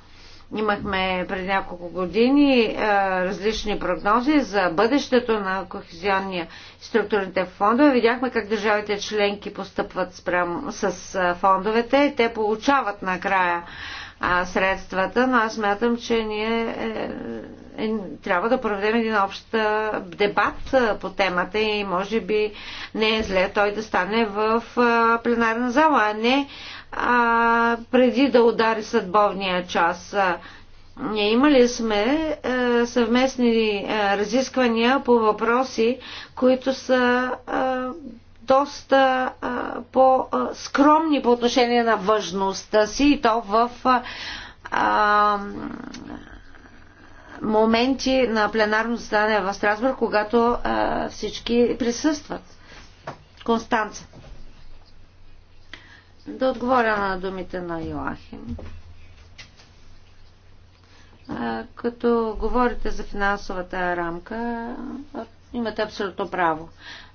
Имахме преди няколко години а, различни прогнози за бъдещето на кохезионния структурните фондове. Видяхме как държавите членки постъпват спрям, с а, фондовете. Те получават накрая а, а, средствата, но аз мятам, че ние е, е, трябва да проведем един общ е, дебат е, по темата и може би не е зле той да стане в е, пленарна зала, а не а, преди да удари съдбовния час. Ние имали сме е, съвместни е, разисквания по въпроси, които са е, доста по-скромни по отношение на важността си и то в а, моменти на пленарно заседание в Страсбург, когато а, всички присъстват. Констанца. Да отговоря на думите на Йоахим. като говорите за финансовата рамка, имате абсолютно право.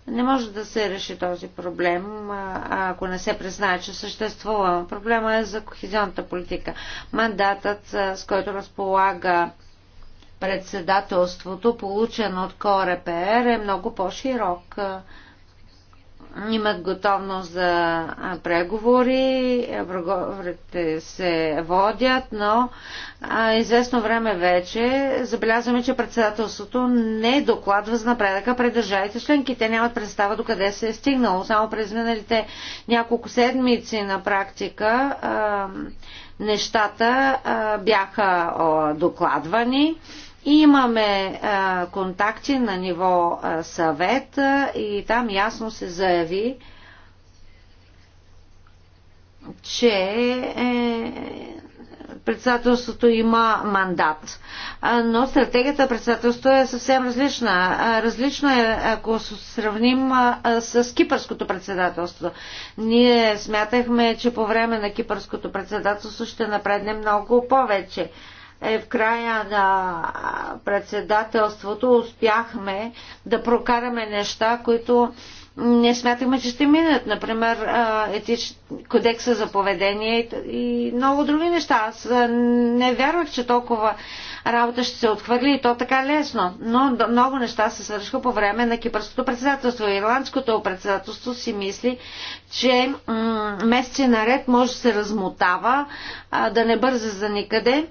Не може да се реши този проблем, ако не се признае, че съществува. Проблема е за кохезионната политика. Мандатът, с който разполага председателството, получен от КОРПР, е много по-широк имат готовност за преговори, преговорите се водят, но известно време вече забелязваме, че председателството не докладва за напредъка пред държавите членки. Те нямат представа до къде се е стигнало. Само през миналите няколко седмици на практика нещата бяха докладвани Имаме а, контакти на ниво а, съвет а, и там ясно се заяви, че е, председателството има мандат. Но стратегията на председателството е съвсем различна. Различна е, ако сравним с кипърското председателство. Ние смятахме, че по време на кипърското председателство ще напредне много повече е в края на председателството успяхме да прокараме неща, които не смятаме, че ще минат. Например, етич... кодекса за поведение и много други неща. Аз не вярвах, че толкова работа ще се отхвърли и то така лесно. Но много неща се свършиха по време на кипърското председателство. Ирландското председателство си мисли, че месеци наред може да се размотава, да не бърза за никъде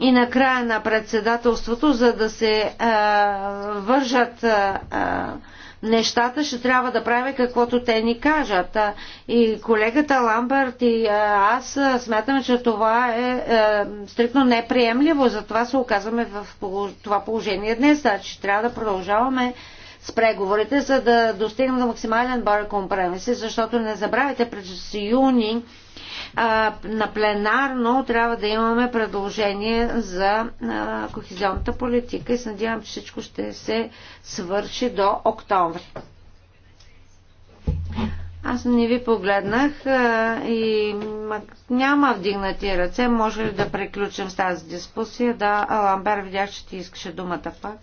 и на края на председателството, за да се а, е, вържат а, е, е, нещата, ще трябва да правя каквото те ни кажат. И колегата Ламбърт и аз смятаме, че това е, а, стрикно неприемливо, затова се оказваме в това положение днес, а значи, че трябва да продължаваме с преговорите, за да достигнем до максимален бар компромиси, защото не забравяйте, през юни на пленарно трябва да имаме предложение за кохезионната политика и се надявам, че всичко ще се свърши до октомври. Аз не ви погледнах и няма вдигнати ръце. Може ли да приключим с тази дискусия? Да, Аламбер, видях, че ти искаше думата пак.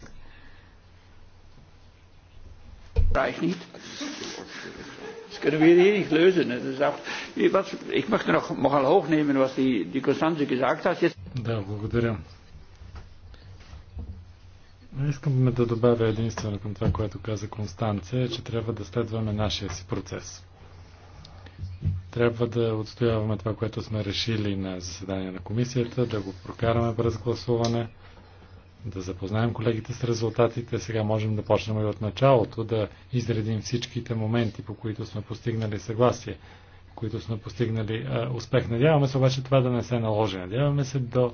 Dat kunnen we hier niet Hè. Dus dat, wat, ik mag er nog nogal hoog nemen wat die, die Konstanze gesagt hat. Jetzt. Да, благодаря. Искам да добавя единствено към това, което каза Констанция, е, че трябва да следваме нашия си процес. Трябва да отстояваме това, което сме решили на заседание на комисията, да го прокараме през гласуване, да запознаем колегите с резултатите. Сега можем да почнем и от началото, да изредим всичките моменти, по които сме постигнали съгласие, които сме постигнали а, е, успех. Надяваме се обаче това да не се наложи. Надяваме се до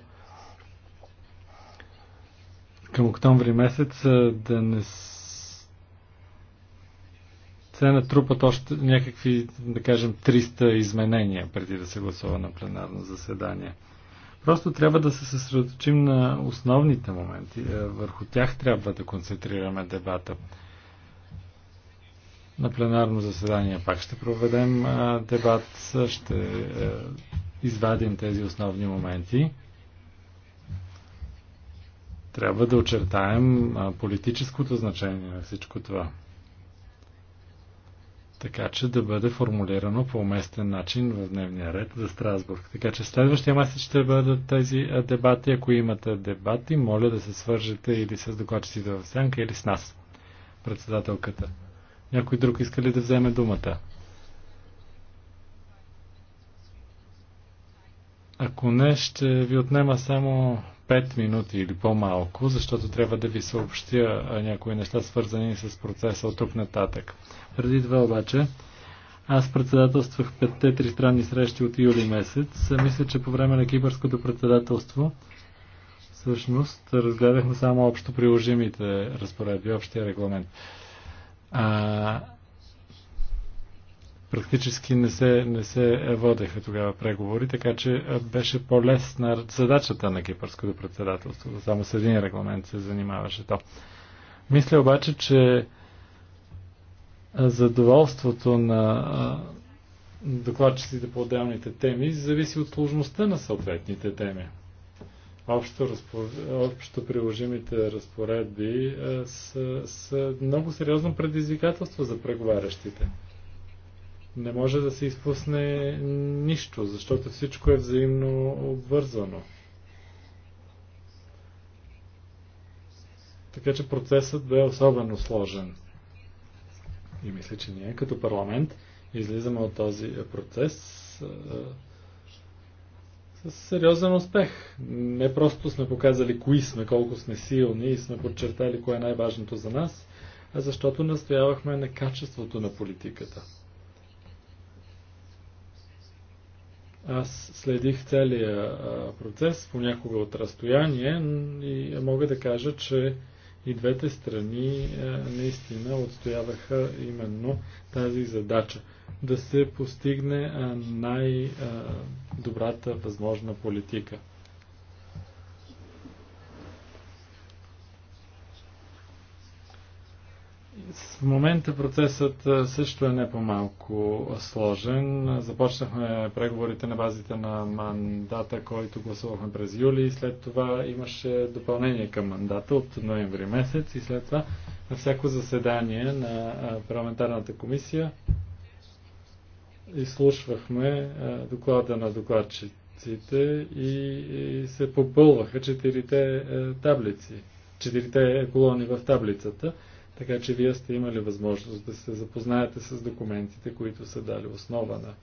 към октомври месец е, да не се натрупат още някакви, да кажем, 300 изменения преди да се гласува на пленарно заседание. Просто трябва да се съсредоточим на основните моменти. Е, върху тях трябва да концентрираме дебата. На пленарно заседание пак ще проведем е, дебат, ще е, извадим тези основни моменти. Трябва да очертаем политическото значение на всичко това така че да бъде формулирано по уместен начин в дневния ред за Страсбург. Така че следващия месец ще бъдат тези дебати. Ако имате дебати, моля да се свържете или с докладчиците в сянка, или с нас, председателката. Някой друг иска ли да вземе думата? Ако не, ще ви отнема само 5 минути или по-малко, защото трябва да ви съобщя някои неща, свързани с процеса от тук нататък. Преди това обаче, аз председателствах петте тристранни срещи от юли месец. Мисля, че по време на кипърското председателство всъщност разгледахме само общо приложимите разпоредби, общия регламент. А, практически не се, не се водеха тогава преговори, така че беше по-лесна задачата на кипърското председателство. Само с един регламент се занимаваше то. Мисля обаче, че задоволството на докладчиците по отделните теми зависи от сложността на съответните теми. Общо, общо приложимите разпоредби са, са много сериозно предизвикателство за преговарящите не може да се изпусне нищо, защото всичко е взаимно обвързано. Така че процесът бе особено сложен. И мисля, че ние като парламент излизаме от този процес с сериозен успех. Не просто сме показали кои сме, колко сме силни и сме подчертали кое е най-важното за нас, а защото настоявахме на качеството на политиката. Аз следих целия процес, понякога от разстояние, и мога да кажа, че и двете страни наистина отстояваха именно тази задача да се постигне най-добрата възможна политика. В момента процесът също е не по-малко сложен. Започнахме преговорите на базите на мандата, който гласувахме през юли. След това имаше допълнение към мандата от ноември месец и след това на всяко заседание на парламентарната комисия изслушвахме доклада на докладчиците и се попълваха четирите таблици, четирите колони в таблицата – така че вие сте имали възможност да се запознаете с документите, които са дали основа на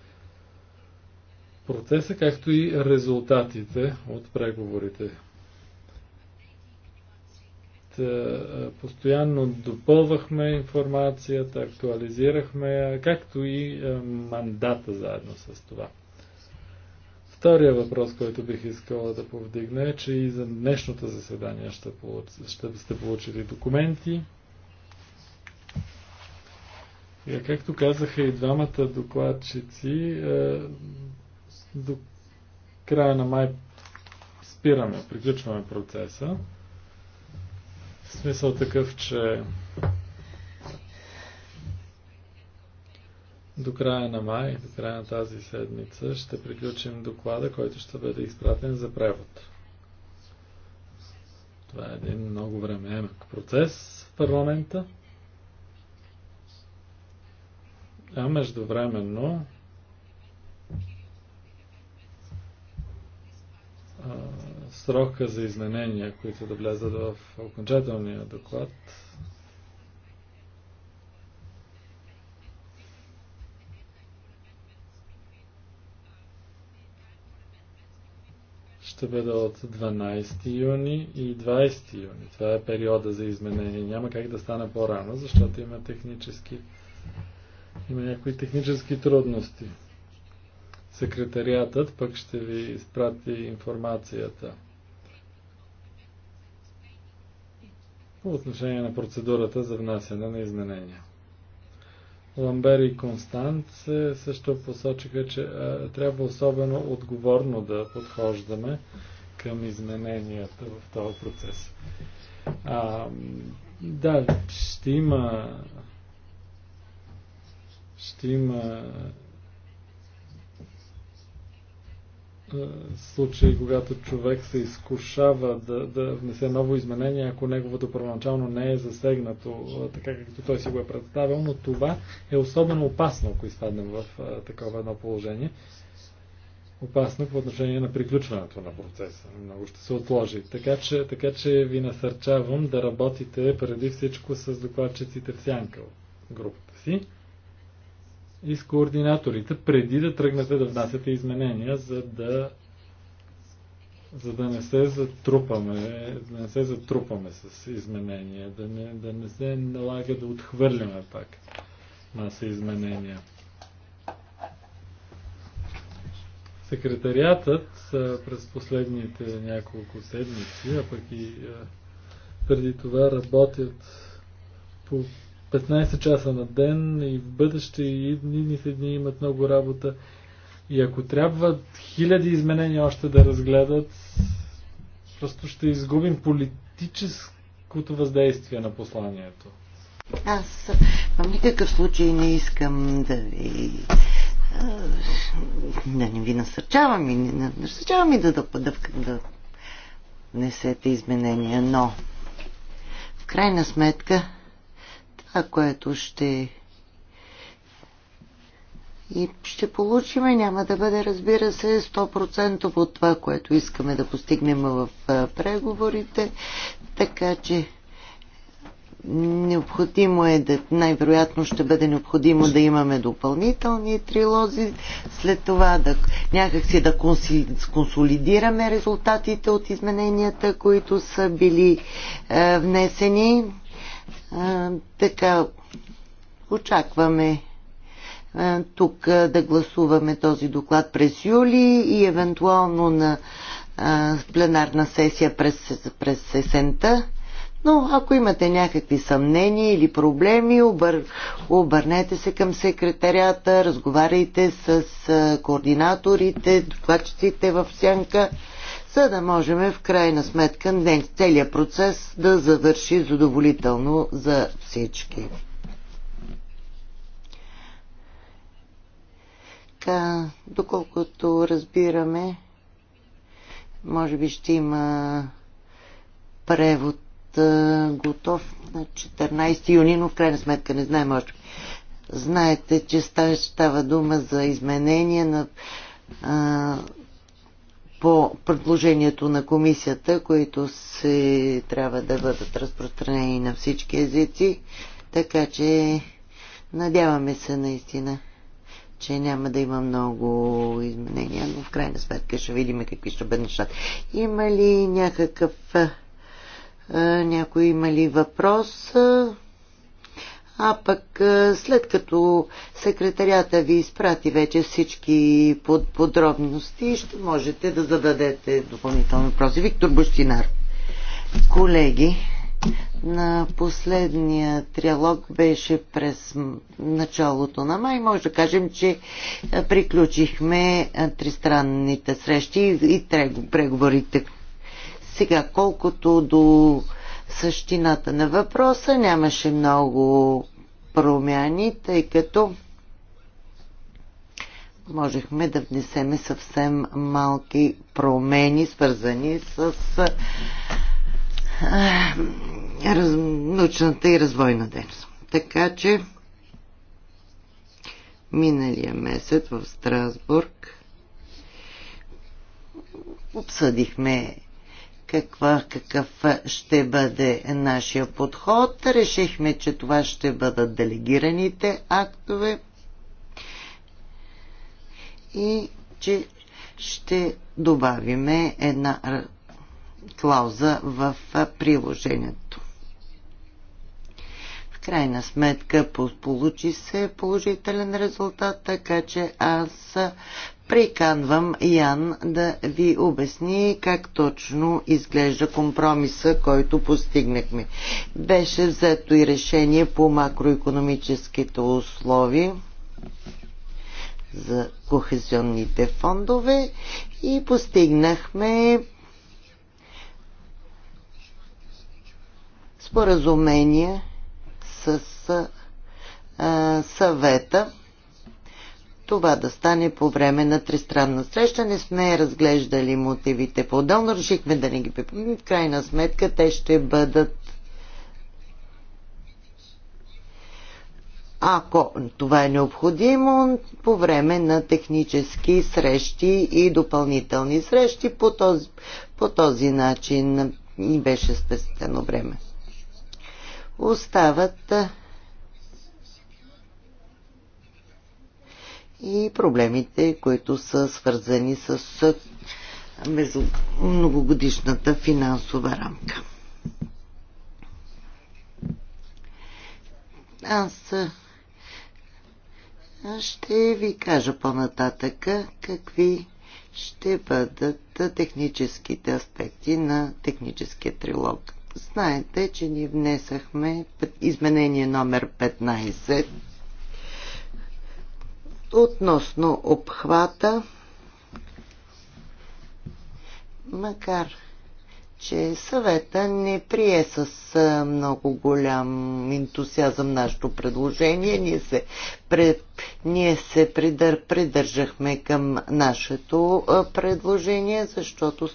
процеса, както и резултатите от преговорите. Та, постоянно допълвахме информацията, актуализирахме, както и мандата заедно с това. Втория въпрос, който бих искала да повдигна е, че и за днешното заседание ще, получ... ще сте получили документи. Сега, както казаха и двамата докладчици, е, до края на май спираме, приключваме процеса. В смисъл такъв, че до края на май, до края на тази седмица, ще приключим доклада, който ще бъде изпратен за превод. Това е един много времеемък процес в парламента. А междувременно срока за изменения, които да влязат в окончателния доклад, ще бъде от 12 юни и 20 юни. Това е периода за изменение. Няма как да стане по-рано, защото има технически има някои технически трудности. Секретариатът пък ще ви изпрати информацията. по отношение на процедурата за внасяне на изменения. Ламбер и Констант също посочиха, че а, трябва особено отговорно да подхождаме към измененията в този процес. А, да, ще има ще има случаи, когато човек се изкушава да, да внесе ново изменение, ако неговото първоначално не е засегнато, така както той си го е представил, но това е особено опасно, ако изпаднем в такова едно положение. Опасно по отношение на приключването на процеса. Много ще се отложи. Така че, така че ви насърчавам да работите преди всичко с докладчиците в сянка групата си и с координаторите, преди да тръгнете да внасяте изменения, за да, за да не се затрупаме, да не се затрупаме с изменения, да не, да не се налага да отхвърляме пак маса изменения. Секретариатът през последните няколко седмици, а пък и преди това работят по 15 часа на ден и в бъдеще и идните дни имат много работа. И ако трябва хиляди изменения още да разгледат, просто ще изгубим политическото въздействие на посланието. Аз в никакъв случай не искам да ви да не ви насърчавам и не насърчавам и да, да, да, да внесете изменения, но в крайна сметка а което ще и ще получиме, няма да бъде, разбира се, 100% от това, което искаме да постигнем в преговорите, така че необходимо е да, най-вероятно ще бъде необходимо да имаме допълнителни трилози, след това да някакси да консолидираме резултатите от измененията, които са били е, внесени а, така, очакваме а, тук а, да гласуваме този доклад през юли и евентуално на а, пленарна сесия през, през сесента. Но ако имате някакви съмнения или проблеми, обър... обърнете се към секретарята, разговаряйте с координаторите, докладчиците в сянка за да можем в крайна сметка днес целият процес да завърши задоволително за всички. Така, доколкото разбираме, може би ще има превод готов на 14 юни, но в крайна сметка не знаем още. Знаете, че става, става дума за изменение на по предложението на комисията, които се трябва да бъдат разпространени на всички езици. Така че надяваме се наистина, че няма да има много изменения, но в крайна сметка ще видим какви ще бъдат нещата. Има ли някакъв някой има ли въпрос? А пък след като секретарята ви изпрати вече всички под подробности, ще можете да зададете допълнителни въпроси. Виктор Бощинар. Колеги, на последния триалог беше през началото на май. Може да кажем, че приключихме тристранните срещи и преговорите. Сега, колкото до същината на въпроса, нямаше много промяни, тъй като можехме да внесеме съвсем малки промени, свързани с раз, научната и развойна дейност. Така че миналия месец в Страсбург обсъдихме каква, какъв ще бъде нашия подход. Решихме, че това ще бъдат делегираните актове и че ще добавиме една клауза в приложението. В крайна сметка получи се положителен резултат, така че аз приканвам Ян да ви обясни как точно изглежда компромиса, който постигнахме. Беше взето и решение по макроекономическите условия за кохезионните фондове и постигнахме споразумение с а, съвета това да стане по време на тристранна среща. Не сме разглеждали мотивите по-отделно, решихме да не ги припомним. В крайна сметка те ще бъдат ако това е необходимо, по време на технически срещи и допълнителни срещи, по този, по този начин ни беше спестено време. Остават и проблемите, които са свързани с многогодишната финансова рамка. Аз ще ви кажа по-нататък какви ще бъдат техническите аспекти на техническия трилог. Знаете, че ни внесахме изменение номер 15 Относно обхвата, макар че съвета не прие с много голям ентусиазъм нашето предложение. Ние се, пред, ние се придър, придържахме към нашето предложение, защото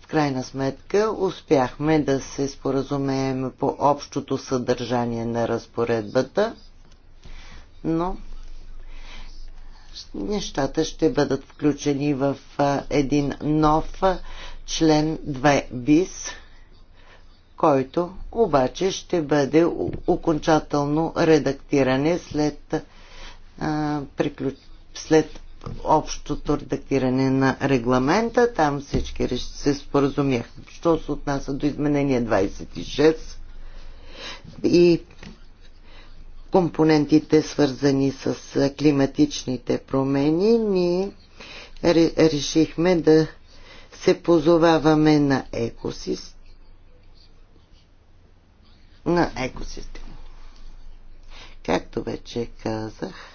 в крайна сметка успяхме да се споразумеем по общото съдържание на разпоредбата но нещата ще бъдат включени в един нов член 2 бис, който обаче ще бъде окончателно редактиране след, след общото редактиране на регламента. Там всички се споразумяха, Що се отнася до изменение 26 и компонентите, свързани с климатичните промени, ние решихме да се позоваваме на екосист. На екосистема. Както вече казах,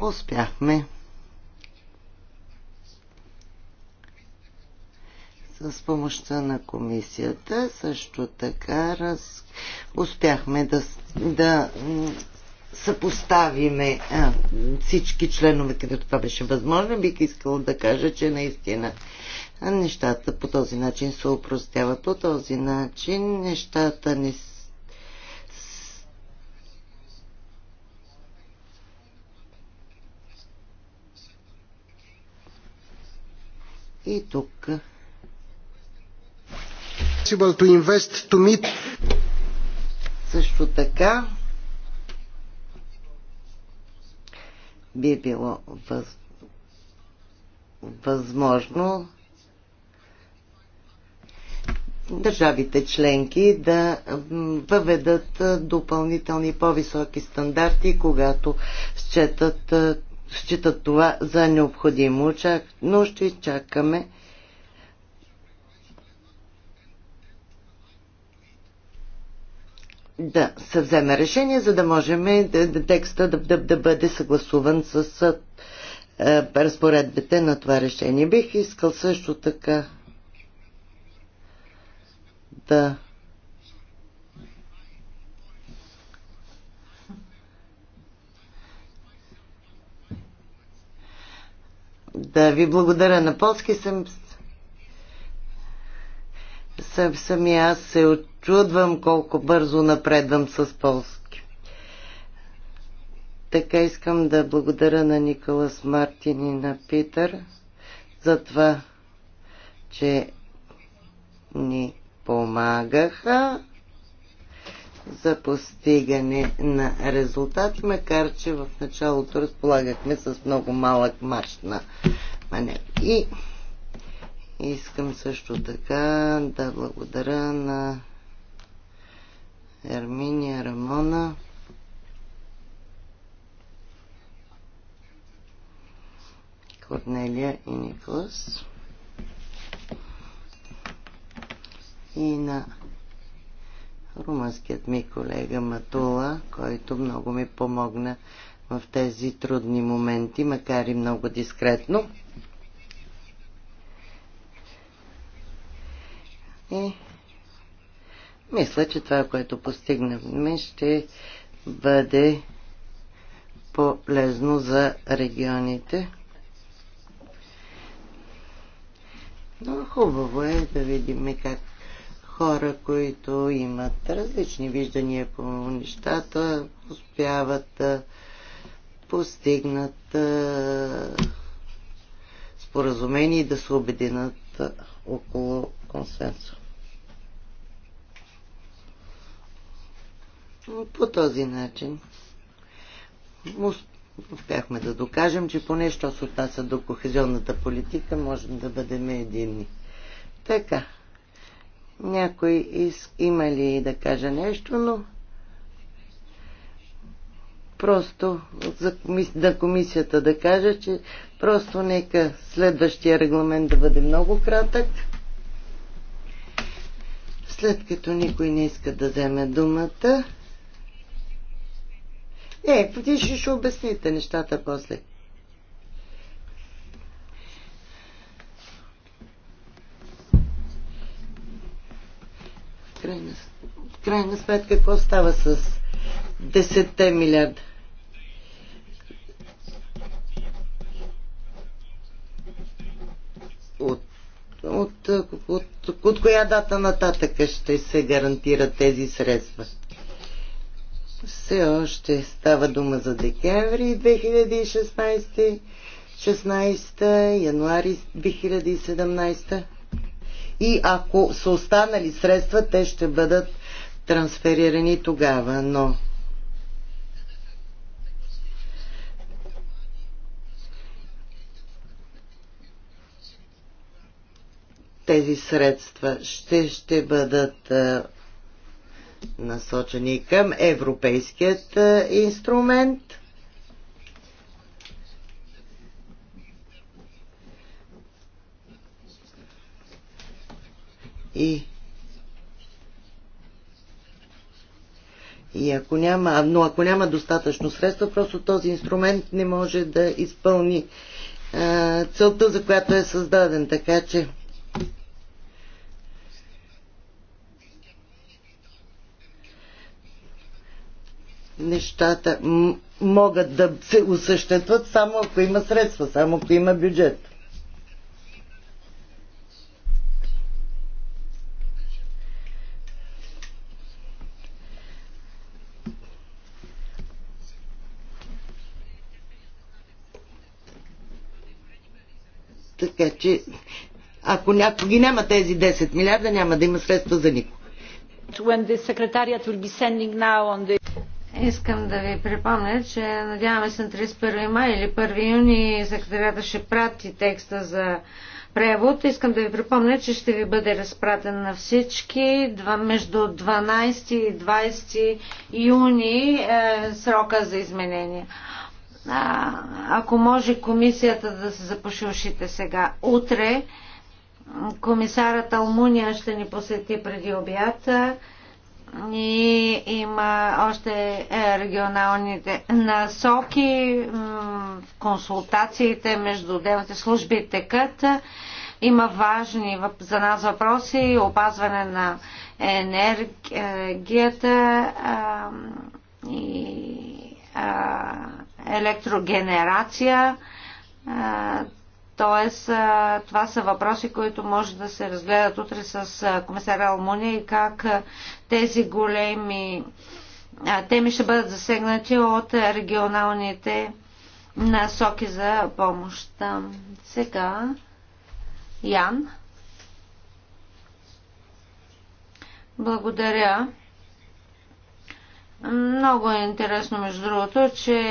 успяхме с помощта на комисията също така раз... успяхме да, да съпоставиме а, всички членове, където това беше възможно, бих искала да кажа, че наистина нещата по този начин се упростяват. По този начин нещата не И тук. To invest, to meet. Също така би било въз... възможно държавите членки да въведат допълнителни по-високи стандарти, когато счетат считат това за необходимо. Но ще чакаме да се вземе решение, за да можем е, текста да, да, да бъде съгласуван с е, разпоредбите на това решение. Бих искал също така да да ви благодаря на полски. Съм, съм сами аз се очудвам колко бързо напредвам с полски. Така искам да благодаря на Николас Мартин и на Питър за това, че ни помагаха за постигане на резултати, макар че в началото разполагахме с много малък марш на манер. И искам също така да благодаря на Ерминия Рамона. Корнелия и Николас и на румънският ми колега Матула, който много ми помогна в тези трудни моменти, макар и много дискретно. И мисля, че това, което постигнахме, ще бъде полезно за регионите. Но хубаво е да видим как хора, които имат различни виждания по нещата, успяват да постигнат споразумение и да се обединат около консенсус. По този начин успяхме да докажем, че поне що се отнася до кохезионната политика, можем да бъдем единни. Така, някой из... има ли да каже нещо, но просто за комис... да комисията да каже, че просто нека следващия регламент да бъде много кратък. След като никой не иска да вземе думата. Е, ти ще, ще обясните нещата после. крайна сметка какво става с 10 милиарда? От, от, от, от, от коя дата нататъка ще се гарантират тези средства? Все още става дума за декември 2016, 16 януари 2017 и ако са останали средства, те ще бъдат трансферирани тогава, но тези средства ще, ще бъдат а, е, насочени към европейският а, е, инструмент. И И ако няма, но ако няма достатъчно средства, просто този инструмент не може да изпълни а, целта, за която е създаден. Така че нещата могат да се осъществят само ако има средства, само ако има бюджет. Така че, ако, някой ги няма тези 10 милиарда, няма да има средства за никого. Искам да ви припомня, че надяваме се на 31 май или 1 юни секретарията ще прати текста за превод. Искам да ви припомня, че ще ви бъде разпратен на всички между 12 и 20 юни е, срока за изменение. А, ако може комисията да се запуши ушите сега. Утре комисарът Алмуния ще ни посети преди обята и има още е, регионалните насоки, консултациите между отделните служби текат. Има важни за нас въпроси, опазване на енергията и електрогенерация. Тоест, това са въпроси, които може да се разгледат утре с комисаря Алмуния и как тези големи теми ще бъдат засегнати от регионалните насоки за помощ. Сега, Ян. Благодаря. Много е интересно, между другото, че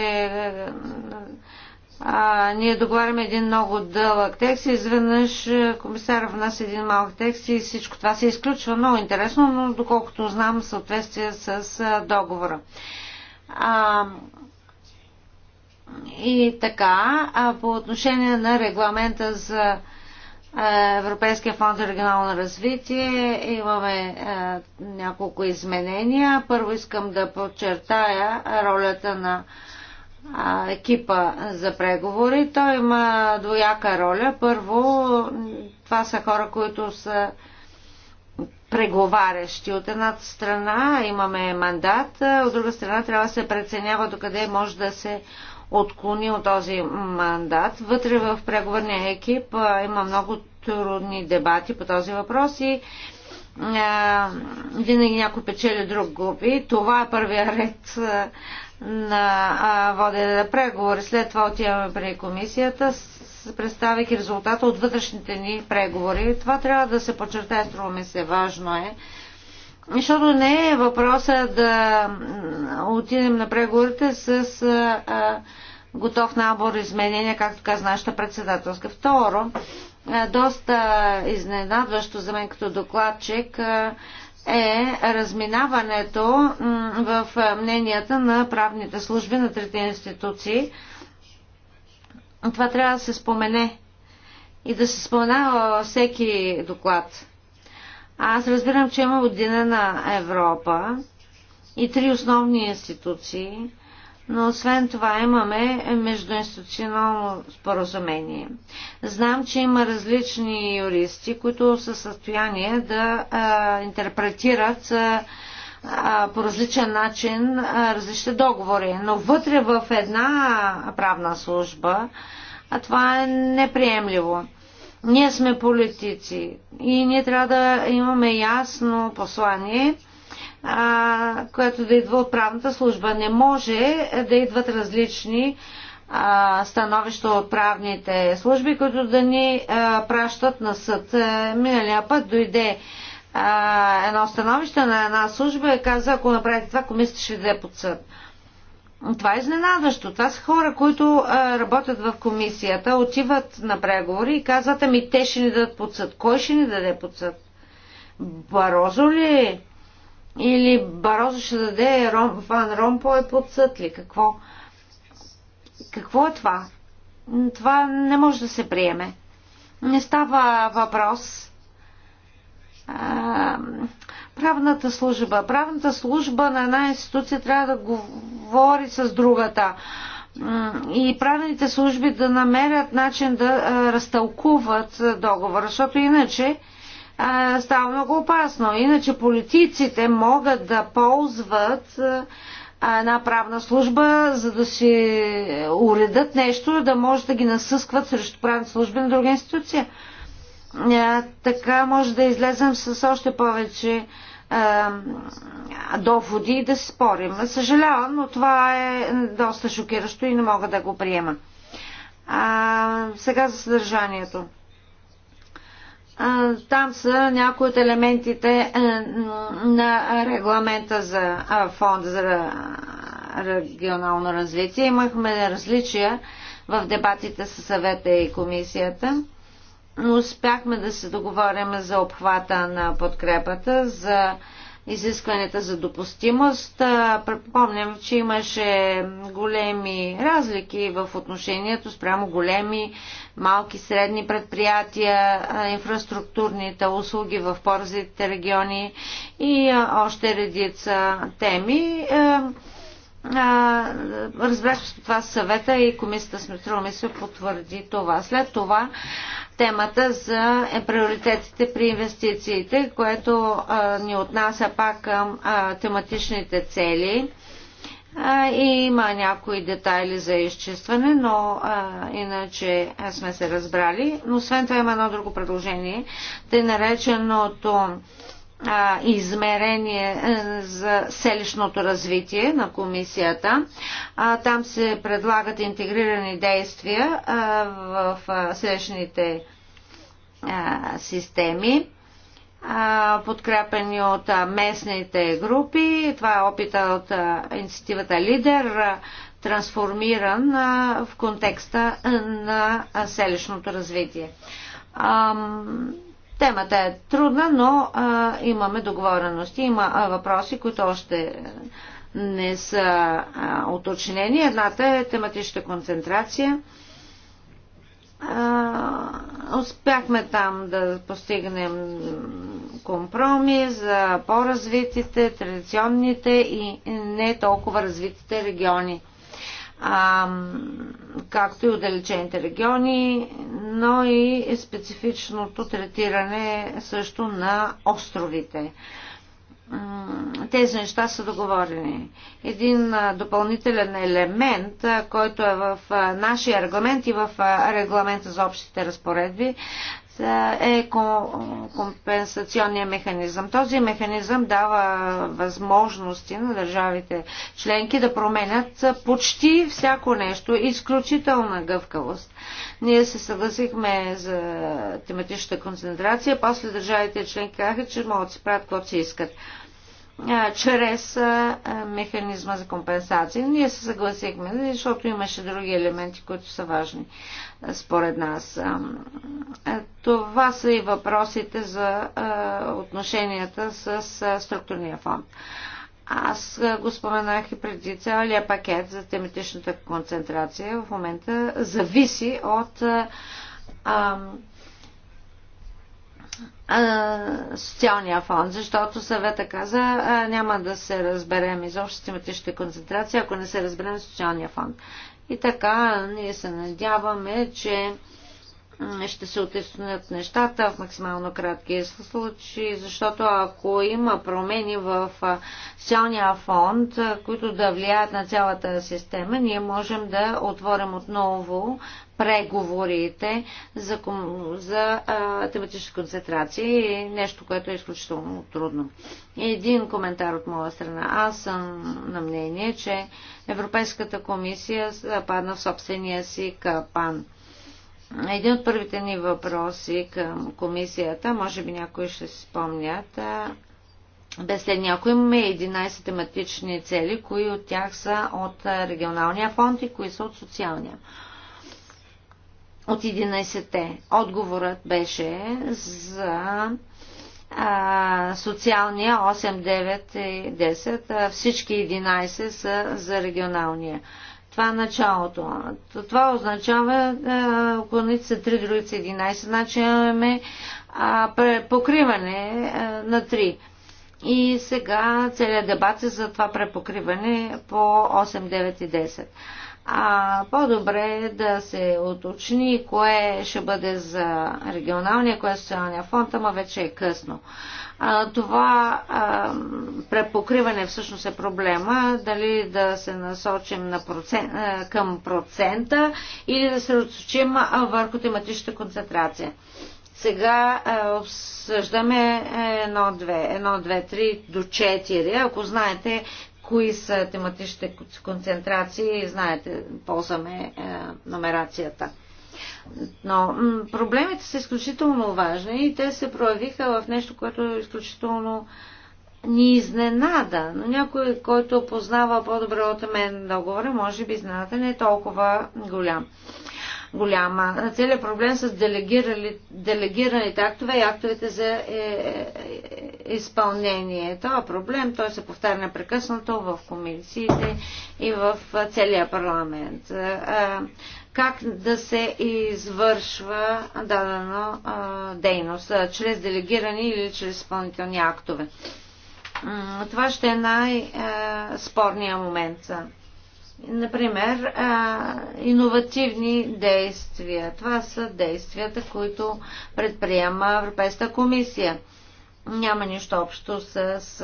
а, ние договаряме един много дълъг текст и изведнъж комисарът внася един малък текст и всичко това се изключва. Много интересно, но доколкото знам, съответствие с а, договора. А, и така, а по отношение на регламента за Европейския фонд за регионално развитие имаме няколко изменения. Първо искам да подчертая ролята на екипа за преговори. Той има двояка роля. Първо, това са хора, които са преговарящи. От едната страна имаме мандат, от друга страна трябва да се преценява докъде може да се отклонил този мандат. Вътре в преговорния екип има много трудни дебати по този въпрос и винаги някой печели, друг глупи. Това е първия ред на водене на преговори. След това отиваме при комисията, представяйки резултата от вътрешните ни преговори. Това трябва да се подчертае, струва ми се, важно е, защото не е въпроса да отидем на преговорите с готов набор изменения, както каза нашата председателска. Второ, доста изненадващо за мен като докладчик е разминаването в мненията на правните служби на трите институции. Това трябва да се спомене и да се споменава всеки доклад. Аз разбирам, че има година на Европа и три основни институции, но освен това имаме междуинституционално споразумение. Знам, че има различни юристи, които са в състояние да а, интерпретират а, по различен начин а, различни договори, но вътре в една правна служба а това е неприемливо. Ние сме политици и ние трябва да имаме ясно послание, а, което да идва от правната служба. Не може да идват различни а, становища от правните служби, които да ни а, пращат на съд. Е, миналия път дойде а, едно становище на една служба и каза, ако направите това, комисията ще даде под съд. Това е изненадващо. Това са хора, които а, работят в комисията, отиват на преговори и казват, ами те ще ни дадат подсъд. Кой ще ни даде подсъд? Барозо ли? Или Барозо ще даде Ром, Ван Ромпой подсъд ли? Какво? Какво е това? Това не може да се приеме. Не става въпрос а, правната служба. Правната служба на една институция трябва да говори с другата и правените служби да намерят начин да разтълкуват договора, защото иначе става много опасно. Иначе политиците могат да ползват една правна служба, за да си е, уредат нещо, да може да ги насъскват срещу правни служби на друга институция. Така може да излезем с още повече доводи да спорим. Съжалявам, но това е доста шокиращо и не мога да го приема. А, сега за съдържанието. А, там са някои от елементите а, е, на регламента за а, фонд за регионално развитие. Имахме различия в дебатите с съвета и комисията успяхме да се договорим за обхвата на подкрепата, за изискванията за допустимост. Препомням, че имаше големи разлики в отношението спрямо големи, малки, средни предприятия, инфраструктурните услуги в по-развитите региони и още редица теми. Е, разбрах, че това съвета и комисията Сметрува ми се потвърди това. След това темата за приоритетите при инвестициите, което а, ни отнася пак към а, тематичните цели. А, и има някои детайли за изчистване, но а, иначе сме се разбрали. Но освен това има едно друго предложение, тъй нареченото а, измерение е, за селищното развитие на комисията. А, там се предлагат интегрирани действия а, в а, селищните а, системи подкрепени от местните групи. Това е опита от инициативата Лидер, трансформиран в контекста на селищното развитие. Темата е трудна, но а, имаме договорености. Има а, въпроси, които още не са а, уточнени. Едната е тематична концентрация. А, успяхме там да постигнем компромис за по-развитите, традиционните и не толкова развитите региони а, както и отдалечените региони, но и специфичното третиране също на островите. Тези неща са договорени. Един допълнителен елемент, който е в нашия регламент и в регламента за общите разпоредби, е компенсационния механизъм. Този механизъм дава възможности на държавите членки да променят почти всяко нещо, изключителна гъвкавост. Ние се съгласихме за тематичната концентрация, после държавите членки казаха, че могат да си правят каквото си искат чрез механизма за компенсация. Ние се съгласихме, защото имаше други елементи, които са важни според нас. Това са и въпросите за отношенията с структурния фонд. Аз го споменах и преди целият пакет за тематичната концентрация в момента зависи от социалния фонд, защото съвета каза, няма да се разберем изобщо с концентрация, концентрации, ако не се разберем социалния фонд. И така, ние се надяваме, че ще се отеснят нещата в максимално кратки случаи, защото ако има промени в социалния фонд, които да влияят на цялата система, ние можем да отворим отново преговорите за, за а, тематична концентрация и нещо, което е изключително трудно. Един коментар от моя страна. Аз съм на мнение, че Европейската комисия падна в собствения си капан един от първите ни въпроси към комисията, може би някои ще си спомнят, без след някои имаме 11 тематични цели, кои от тях са от регионалния фонд и кои са от социалния. От 11-те отговорът беше за а, социалния 8, 9 и 10. Всички 11 са за регионалния. Това е началото. Това означава, около е, са 3 другите са 11, значи имаме покриване е, на 3. И сега целият дебат е за това препокриване по 8, 9 и 10 а по-добре е да се уточни кое ще бъде за регионалния, кое е социалния фонд, ама вече е късно. А, това а, препокриване всъщност е проблема, дали да се насочим на процент, а, към процента или да се отсочим върху тематичната концентрация. Сега е, обсъждаме 1, 2, 1, 2, 3 до 4. Ако знаете кои са тематичните концентрации знаете, ползваме е, номерацията. Но проблемите са изключително важни и те се проявиха в нещо, което е изключително ни изненада. Но някой, който познава по-добре от мен договора, може би изненада не е толкова голям голяма. Целият проблем с делегираните актове и актовете за е, е, е изпълнение. Това проблем, той се повтаря непрекъснато в комисиите и в целия парламент. Как да се извършва дадено дейност, чрез делегирани или чрез изпълнителни актове. Това ще е най-спорният момент. Например, иновативни действия. Това са действията, които предприема Европейската комисия. Няма нищо общо с, с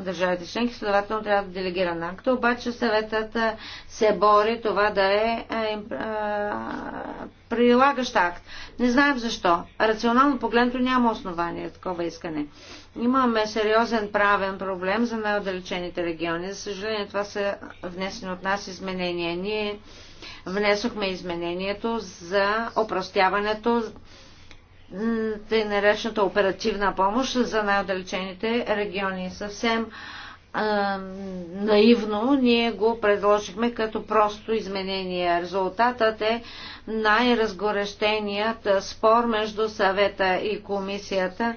държавите членки, следователно трябва да делегира на акта, обаче съветът се бори това да е прилагащ акт. Не знаем защо. Рационално погледното няма основание такова искане. Имаме сериозен правен проблем за най-отдалечените региони. За съжаление, това са внесени от нас изменения. Ние внесохме изменението за опростяването тъй наречената оперативна помощ за най-отдалечените региони. Съвсем а, наивно ние го предложихме като просто изменение. Резултатът е най-разгорещеният спор между съвета и комисията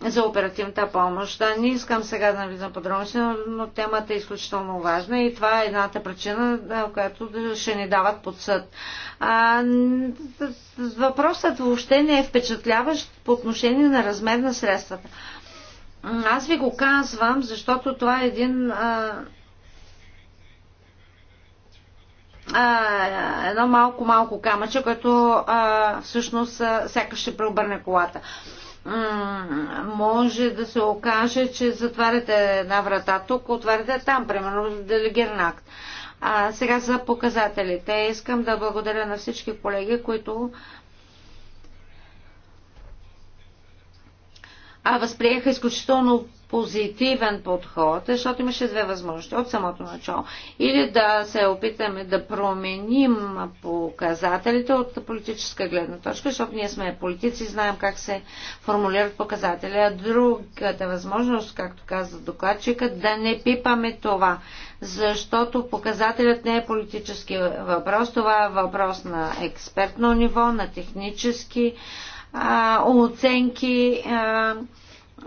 за оперативната помощ. Да, не искам сега да навлизам подробности, но темата е изключително важна и това е едната причина, да, която ще ни дават под съд. А, въпросът въобще не е впечатляващ по отношение на размер на средствата. Аз ви го казвам, защото това е един а, а, едно малко-малко камъче, което а, всъщност сякаш ще преобърне колата. може да се окаже, че затваряте една врата тук, отваряте там, примерно делегиран акт. А, сега за показателите. Искам да благодаря на всички колеги, които а възприеха изключително позитивен подход, защото имаше две възможности от самото начало. Или да се опитаме да променим показателите от политическа гледна точка, защото ние сме политици, знаем как се формулират показатели. А другата възможност, както каза докладчика, да не пипаме това, защото показателят не е политически въпрос, това е въпрос на експертно ниво, на технически оценки а,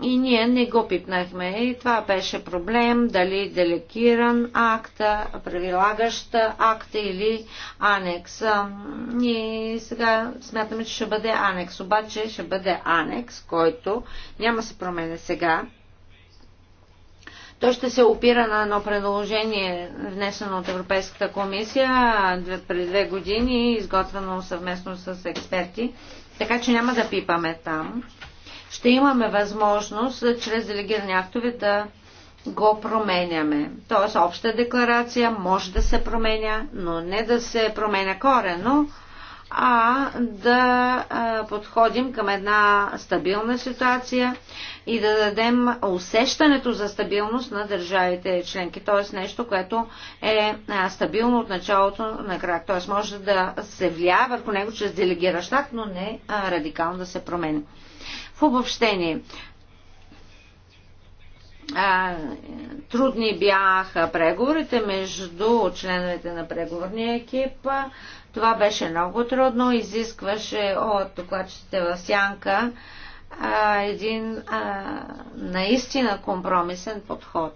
и ние не го пипнахме. И това беше проблем, дали делегиран акта, прилагащ акта или анекс. И сега смятаме, че ще бъде анекс. Обаче ще бъде анекс, който няма се променя сега. Той ще се опира на едно предложение, внесено от Европейската комисия преди две години, изготвено съвместно с експерти така че няма да пипаме там. Ще имаме възможност чрез делегирани актове да го променяме. Тоест обща декларация може да се променя, но не да се променя корено, но а да подходим към една стабилна ситуация и да дадем усещането за стабилност на държавите членки, т.е. нещо, което е стабилно от началото на крак. Т.е. може да се влияе върху него чрез делегиращ но не радикално да се промени. В обобщение, трудни бяха преговорите между членовете на преговорния екип. Това беше много трудно, изискваше от докладчите в сянка а, един а, наистина компромисен подход,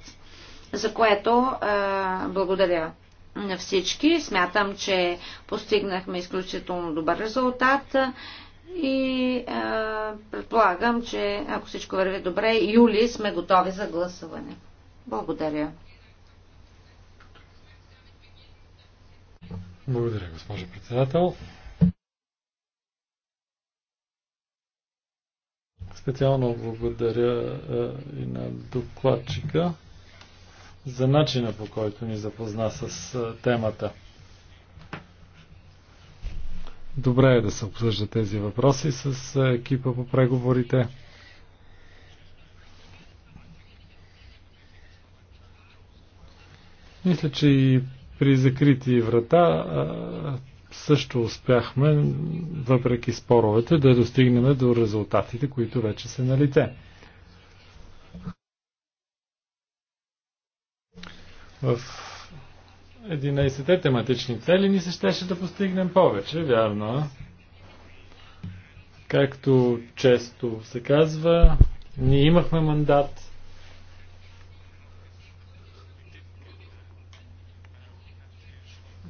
за което а, благодаря на всички. Смятам, че постигнахме изключително добър резултат и а, предполагам, че ако всичко върви добре, юли сме готови за гласуване. Благодаря. Благодаря, госпожо председател. Специално благодаря и на докладчика за начина по който ни запозна с темата. Добре е да се обсъждат тези въпроси с екипа по преговорите. Мисля, че и при закрити врата също успяхме, въпреки споровете, да достигнем до резултатите, които вече са на лице. В 11-те тематични цели ни се щеше да постигнем повече, вярно. Както често се казва, ние имахме мандат,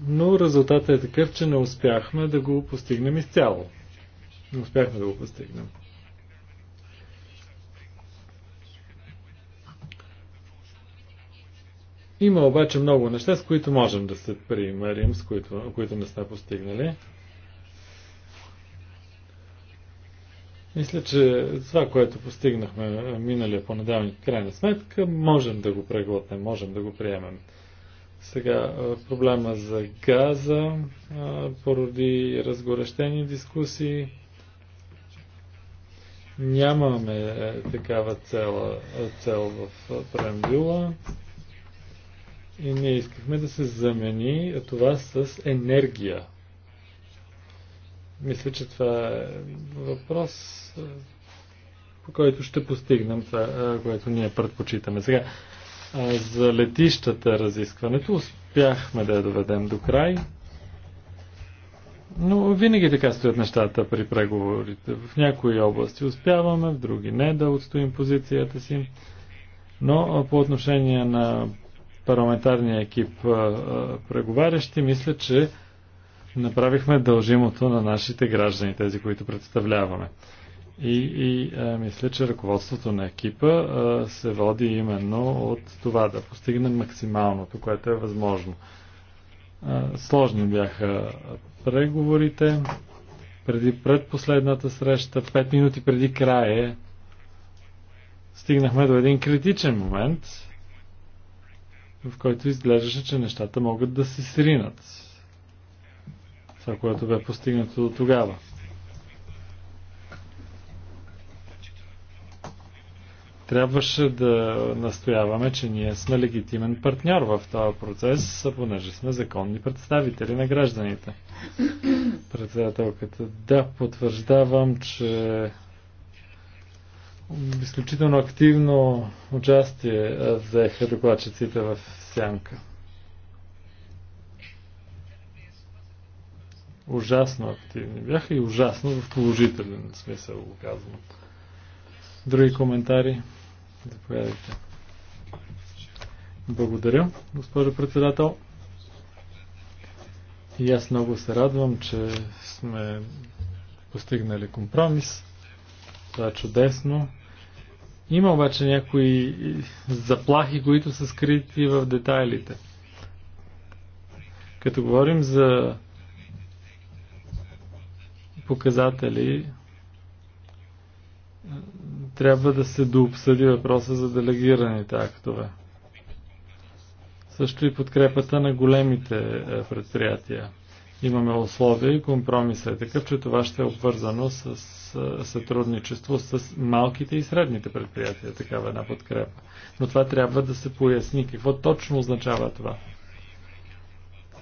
но резултатът е такъв, че не успяхме да го постигнем изцяло. Не успяхме да го постигнем. Има обаче много неща, с които можем да се примерим, с които, които не сме постигнали. Мисля, че това, което постигнахме миналия понеделник, крайна сметка, можем да го преглътнем, можем да го приемем. Сега проблема за газа поради разгорещени дискусии. Нямаме е, такава цел, е, цел в преамбюла и ние искахме да се замени това с енергия. Мисля, че това е въпрос, по който ще постигнем това, което ние предпочитаме. Сега, за летищата разискването успяхме да я доведем до край. Но винаги така стоят нещата при преговорите. В някои области успяваме, в други не да отстоим позицията си. Но по отношение на парламентарния екип преговарящи, мисля, че направихме дължимото на нашите граждани, тези, които представляваме. И, и а, мисля, че ръководството на екипа а, се води именно от това да постигнем максималното, което е възможно. А, сложни бяха преговорите. Преди предпоследната среща, 5 минути преди края, стигнахме до един критичен момент, в който изглеждаше, че нещата могат да се сринат. Това, което бе постигнато до тогава. трябваше да настояваме, че ние сме легитимен партньор в този процес, понеже сме законни представители на гражданите. Председателката, да, потвърждавам, че изключително активно участие взеха докладчиците в Сянка. Ужасно активни бяха и ужасно в положителен смисъл го казвам. Други коментари? Заповядайте. Благодаря, госпожо председател. И аз много се радвам, че сме постигнали компромис. Това е чудесно. Има обаче някои заплахи, които са скрити в детайлите. Като говорим за показатели, трябва да се дообсъди въпроса за делегираните актове. Също и подкрепата на големите е, предприятия. Имаме условия и компромиса е такъв, че това ще е обвързано с е, сътрудничество с малките и средните предприятия, такава е една подкрепа. Но това трябва да се поясни. Какво точно означава това?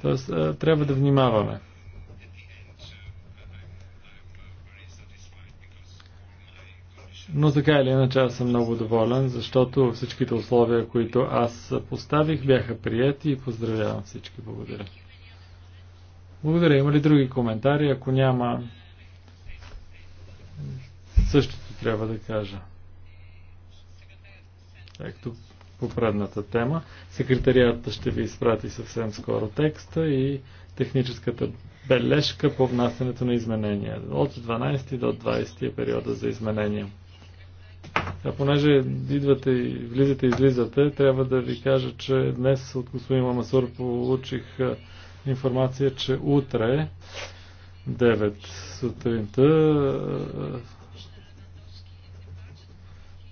Тоест, трябва да внимаваме. Но така или иначе аз съм много доволен, защото всичките условия, които аз поставих, бяха прияти и поздравявам всички. Благодаря. Благодаря. Има ли други коментари? Ако няма, същото трябва да кажа. Както по предната тема. Секретарията ще ви изпрати съвсем скоро текста и техническата бележка по внасянето на изменения. От 12 до 20 е периода за изменения. А понеже идвате и влизате и излизате, трябва да ви кажа, че днес от господин Мамасур получих информация, че утре 9 сутринта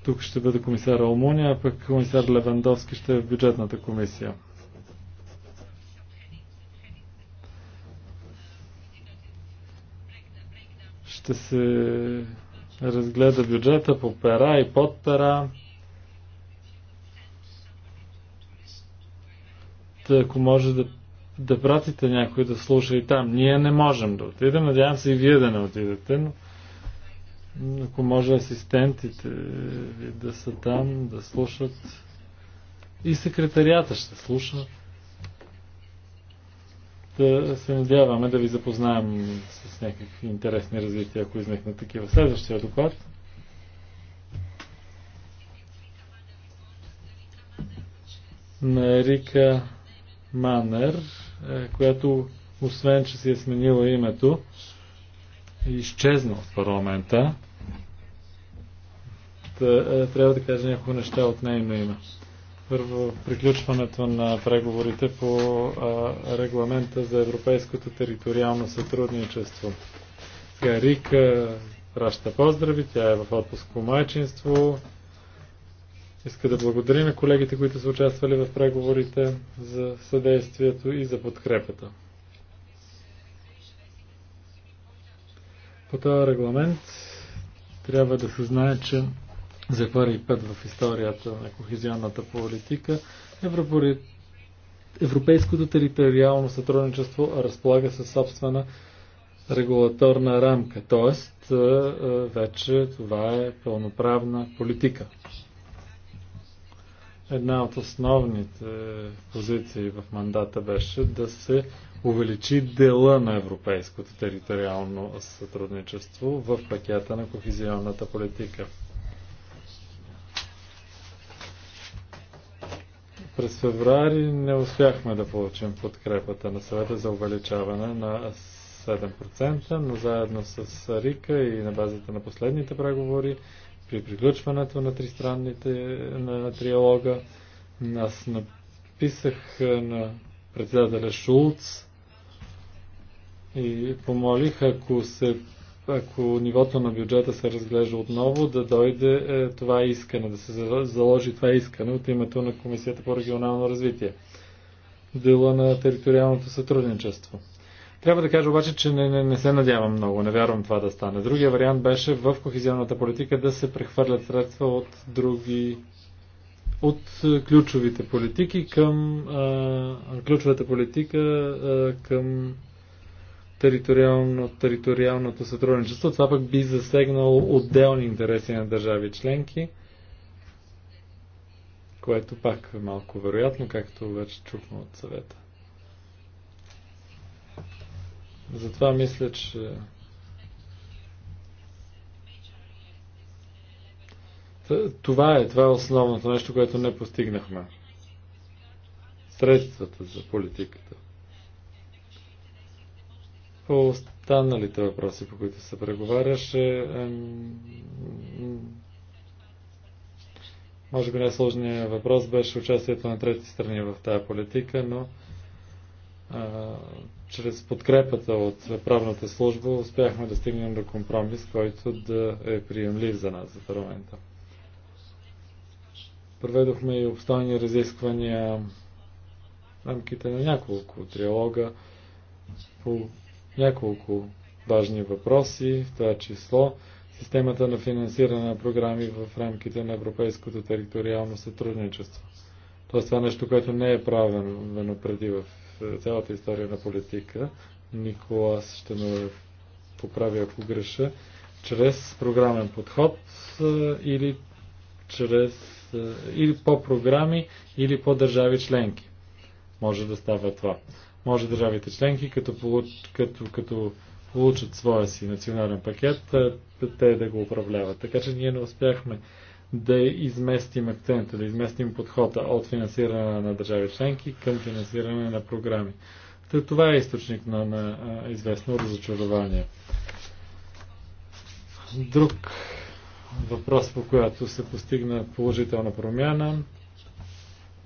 тук ще бъде комисар Алмуния, а пък комисар Левандовски ще е в бюджетната комисия. Ще се разгледа бюджета по пера и под пера. Та, ако може да, да пратите някой да слуша и там. Ние не можем да отидем, надявам се и вие да не отидете, но ако може асистентите да са там, да слушат и секретарията ще слушат да се надяваме да ви запознаем с някакви интересни развития, ако изникнат такива. Следващия доклад. на Ерика Манер, е, която освен, че си е сменила името, е изчезна от парламента. Е, трябва да кажа няколко неща от нейно име. Първо, приключването на преговорите по а, регламента за европейското териториално сътрудничество. Сега Рика праща поздрави, тя е в отпуск по майчинство. Иска да благодари на колегите, които са участвали в преговорите за съдействието и за подкрепата. По този регламент трябва да се знае, че за първи път в историята на кохезионната политика, европейското териториално сътрудничество разполага със собствена регулаторна рамка, т.е. вече това е пълноправна политика. Една от основните позиции в мандата беше да се увеличи дела на европейското териториално сътрудничество в пакета на кохезионната политика. През феврари не успяхме да получим подкрепата на съвета за увеличаване на 7%, но заедно с Рика и на базата на последните преговори, при приключването на тристранните, на триалога, аз написах на председателя Шулц и помолих, ако се ако нивото на бюджета се разглежда отново, да дойде е, това искане, да се заложи това искане от името на Комисията по регионално развитие. Дела на териториалното сътрудничество. Трябва да кажа обаче, че не, не, не се надявам много, не вярвам това да стане. Другия вариант беше в кохезионната политика да се прехвърлят средства от други от е, ключовите политики към а, е, ключовата политика а, към териториално, териториалното сътрудничество. Това пък би засегнало отделни интереси на държави членки, което пак е малко вероятно, както вече чухме от съвета. Затова мисля, че Това е, това е основното нещо, което не постигнахме. Средствата за политиката. По останалите въпроси, по които се преговаряше, може би най-сложният въпрос беше участието на трети страни в тази политика, но а, чрез подкрепата от правната служба успяхме да стигнем до компромис, който да е приемлив за нас, за парламента. Проведохме и обстойни разисквания в рамките на няколко триалога по няколко важни въпроси, в това число системата на финансиране на програми в рамките на европейското териториално сътрудничество. Тоест това е нещо, което не е правено преди в е, цялата история на политика. Николас ще ме поправи ако греша. Чрез програмен подход е, или чрез или по програми, или по държави членки. Може да става това. Може държавите членки, като, получ, като, като получат своя си национален пакет, те да го управляват. Така че ние не успяхме да изместим акцента, да изместим подхода от финансиране на държави членки към финансиране на програми. Това е източник на, на известно разочарование. Друг въпрос, по която се постигна положителна промяна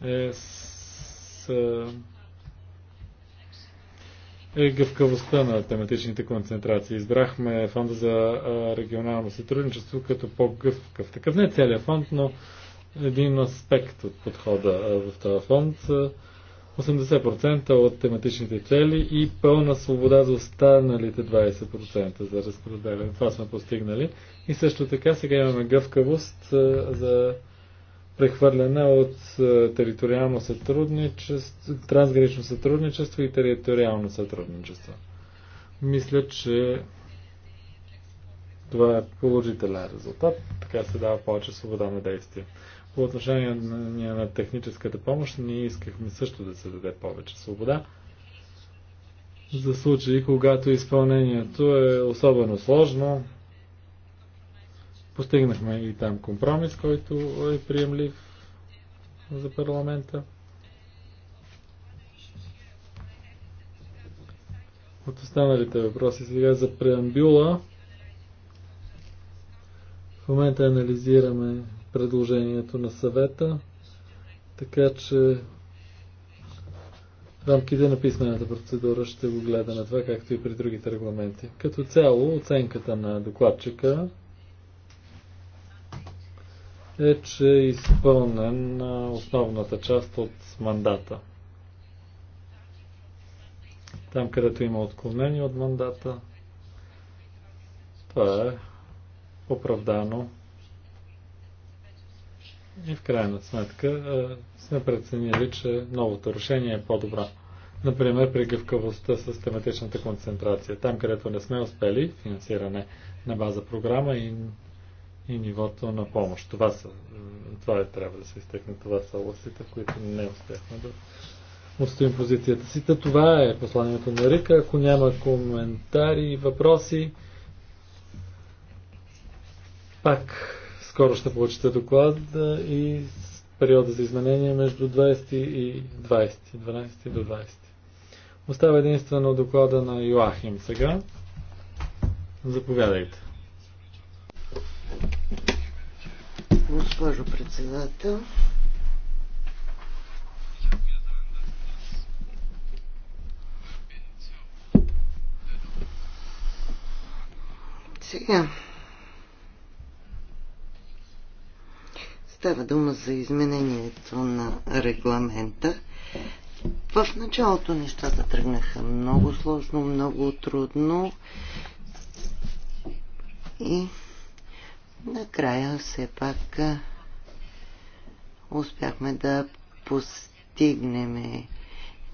е с е гъвкавостта на тематичните концентрации. Избрахме фонда за регионално сътрудничество като по-гъвкав. Такъв не е целият фонд, но един аспект от подхода в този фонд. 80% от тематичните цели и пълна свобода за останалите 20% за разпределение. Това сме постигнали. И също така сега имаме гъвкавост за прехвърляне от е, териториално сътрудничество, трансгранично сътрудничество и териториално сътрудничество. Мисля, че това е положителен резултат. Така се дава повече свобода на действие. По отношение на, на техническата помощ, ние искахме също да се даде повече свобода за случаи, когато изпълнението е особено сложно, Постигнахме и там компромис, който е приемлив за парламента. От останалите въпроси сега за преамбюла. В момента анализираме предложението на съвета, така че в рамките на писмената процедура ще го гледа на това, както и при другите регламенти. Като цяло, оценката на докладчика е, че е изпълнен основната част от мандата. Там, където има отклонение от мандата, това е оправдано. И в крайна сметка е, сме преценили, че новото решение е по-добро. Например, при гъвкавостта с тематичната концентрация. Там, където не сме успели, финансиране на база програма и и нивото на помощ. Това, са, това е, трябва да се изтекне. Това са областите, в които не успяхме да отстоим позицията си. Та това е посланието на Рика. Ако няма коментари и въпроси, пак скоро ще получите доклад и периода за изменение между 20 и 20, 12 до 20. Остава единствено доклада на Йоахим сега. Заповядайте. госпожо председател. Сега. Става дума за изменението на регламента. В началото нещата тръгнаха много сложно, много трудно и Накрая все пак успяхме да постигнем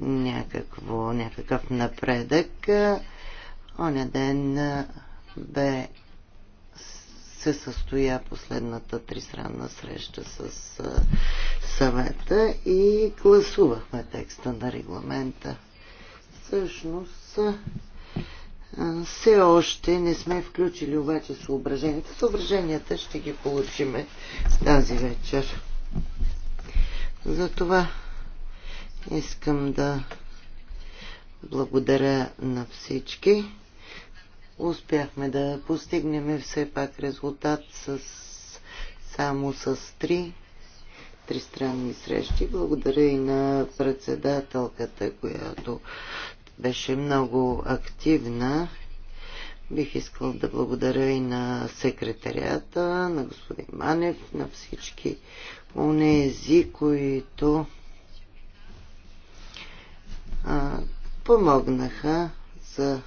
някакво, някакъв напредък. Оня ден бе се състоя последната тристранна среща с съвета и гласувахме текста на регламента. Всъщност все още не сме включили обаче съображенията. Съображенията ще ги получиме тази вечер. Затова искам да благодаря на всички. Успяхме да постигнем все пак резултат с, само с три тристранни срещи. Благодаря и на председателката, която беше много активна. Бих искал да благодаря и на секретарията, на господин Манев, на всички унези, които а, помогнаха за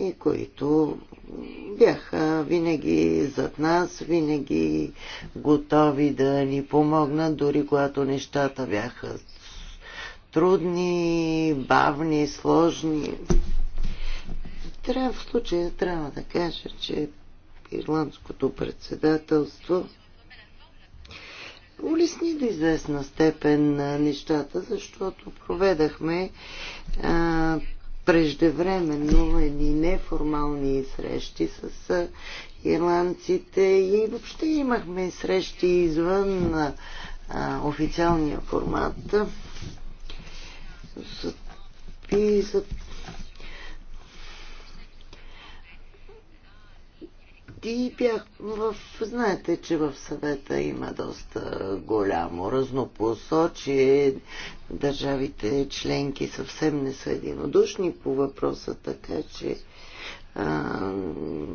и които бяха винаги зад нас, винаги готови да ни помогнат, дори когато нещата бяха трудни, бавни, сложни. Трябва в случая трябва да кажа, че ирландското председателство улесни до известна степен нещата, защото проведахме а, преждевременно едни неформални срещи с а, ирландците и въобще имахме срещи извън а, официалния формат за, ти за бях в... Знаете, че в съвета има доста голямо разнопосочие. Държавите членки съвсем не са единодушни по въпроса, така че а,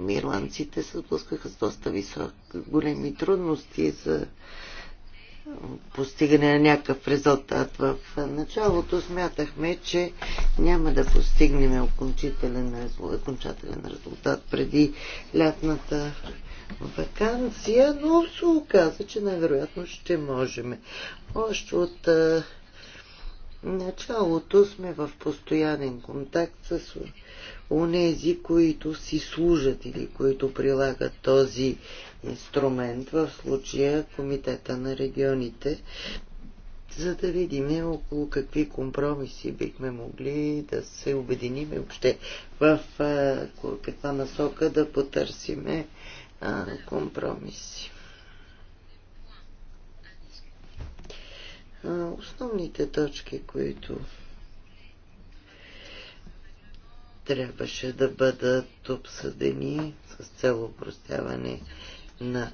ирландците се спускаха с доста висок, големи трудности за постигане на някакъв резултат. В началото смятахме, че няма да постигнем окончателен, окончателен резултат преди лятната вакансия, но се оказа, че най-вероятно ще можем. Още от началото сме в постоянен контакт с онези, които си служат или които прилагат този инструмент, в случая Комитета на регионите, за да видим около какви компромиси бихме могли да се обединим и въобще в каква насока да потърсиме компромиси. Основните точки, които трябваше да бъдат обсъдени с цел упростяване на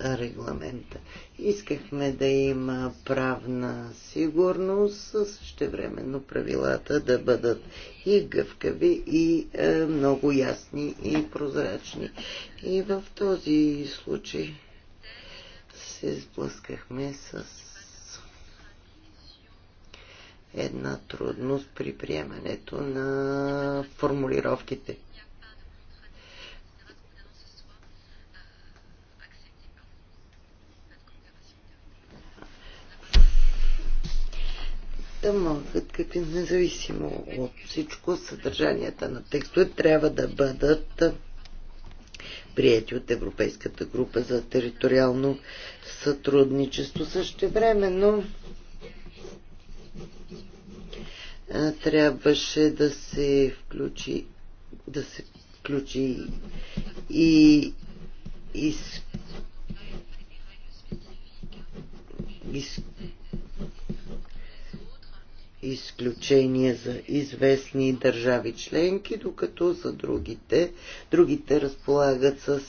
регламента. Искахме да има правна сигурност, същевременно правилата да бъдат и гъвкави, и е, много ясни, и прозрачни. И в този случай се сблъскахме с една трудност при приемането на формулировките да могат, като независимо от всичко, съдържанията на текстове трябва да бъдат прияти от Европейската група за териториално сътрудничество. Също но трябваше да се включи да се включи и, и, и, и изключения за известни държави членки, докато за другите, другите разполагат с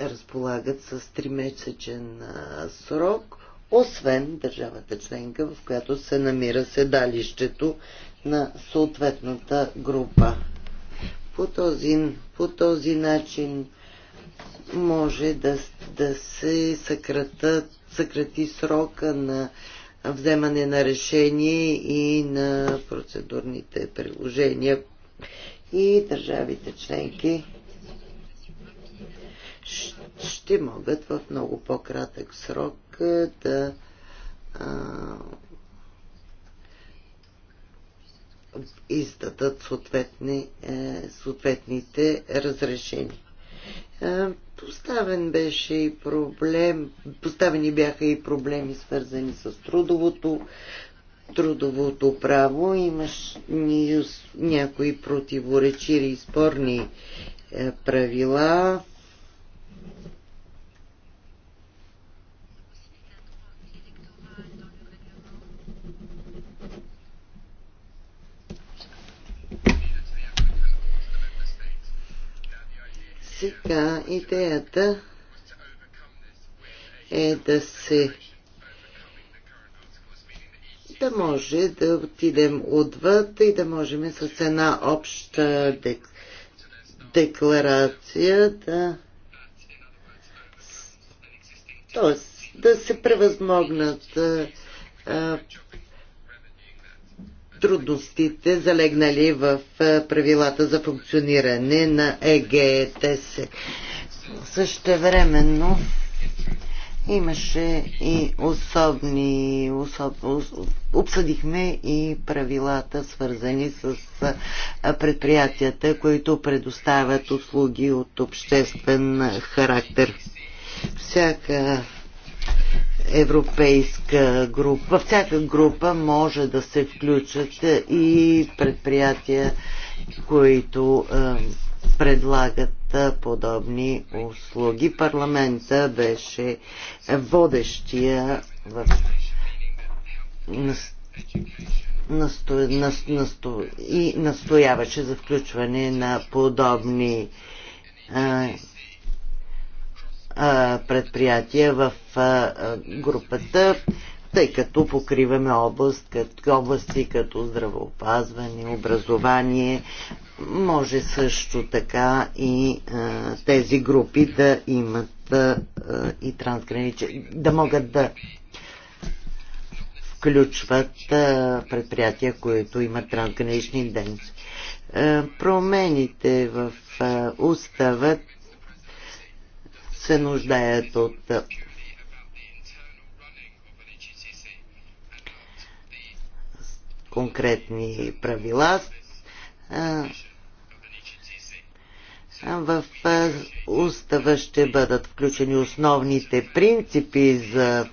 разполагат с 3-месечен срок, освен държавата членка, в която се намира седалището на съответната група. По този, по този начин може да, да се съкратат съкрати срока на вземане на решение и на процедурните приложения и държавите членки ще могат в много по-кратък срок да издадат съответни, е, съответните разрешения. Е, Поставен беше и проблем, поставени бяха и проблеми свързани с трудовото, трудовото право. Имаш някои противоречиви и спорни е, правила. Сега идеята е да се да може да отидем отвъд и да можем с една обща дек, декларация да т.е. да се превъзмогнат а, трудностите, залегнали в е, правилата за функциониране на ЕГТС. времено имаше и особни, особ, обсъдихме и правилата, свързани с е, предприятията, които предоставят услуги от обществен характер. Всяка европейска група. Във всяка група може да се включат и предприятия, които предлагат подобни услуги. Парламента беше водещия в насто, насто, насто, и настояваше за включване на подобни предприятия в групата, тъй като покриваме област, области като здравеопазване, образование. Може също така и а, тези групи да имат а, и трансграничен, да могат да включват а, предприятия, които имат трансгранични дейности. Промените в уставът се нуждаят от конкретни правила. В устава ще бъдат включени основните принципи за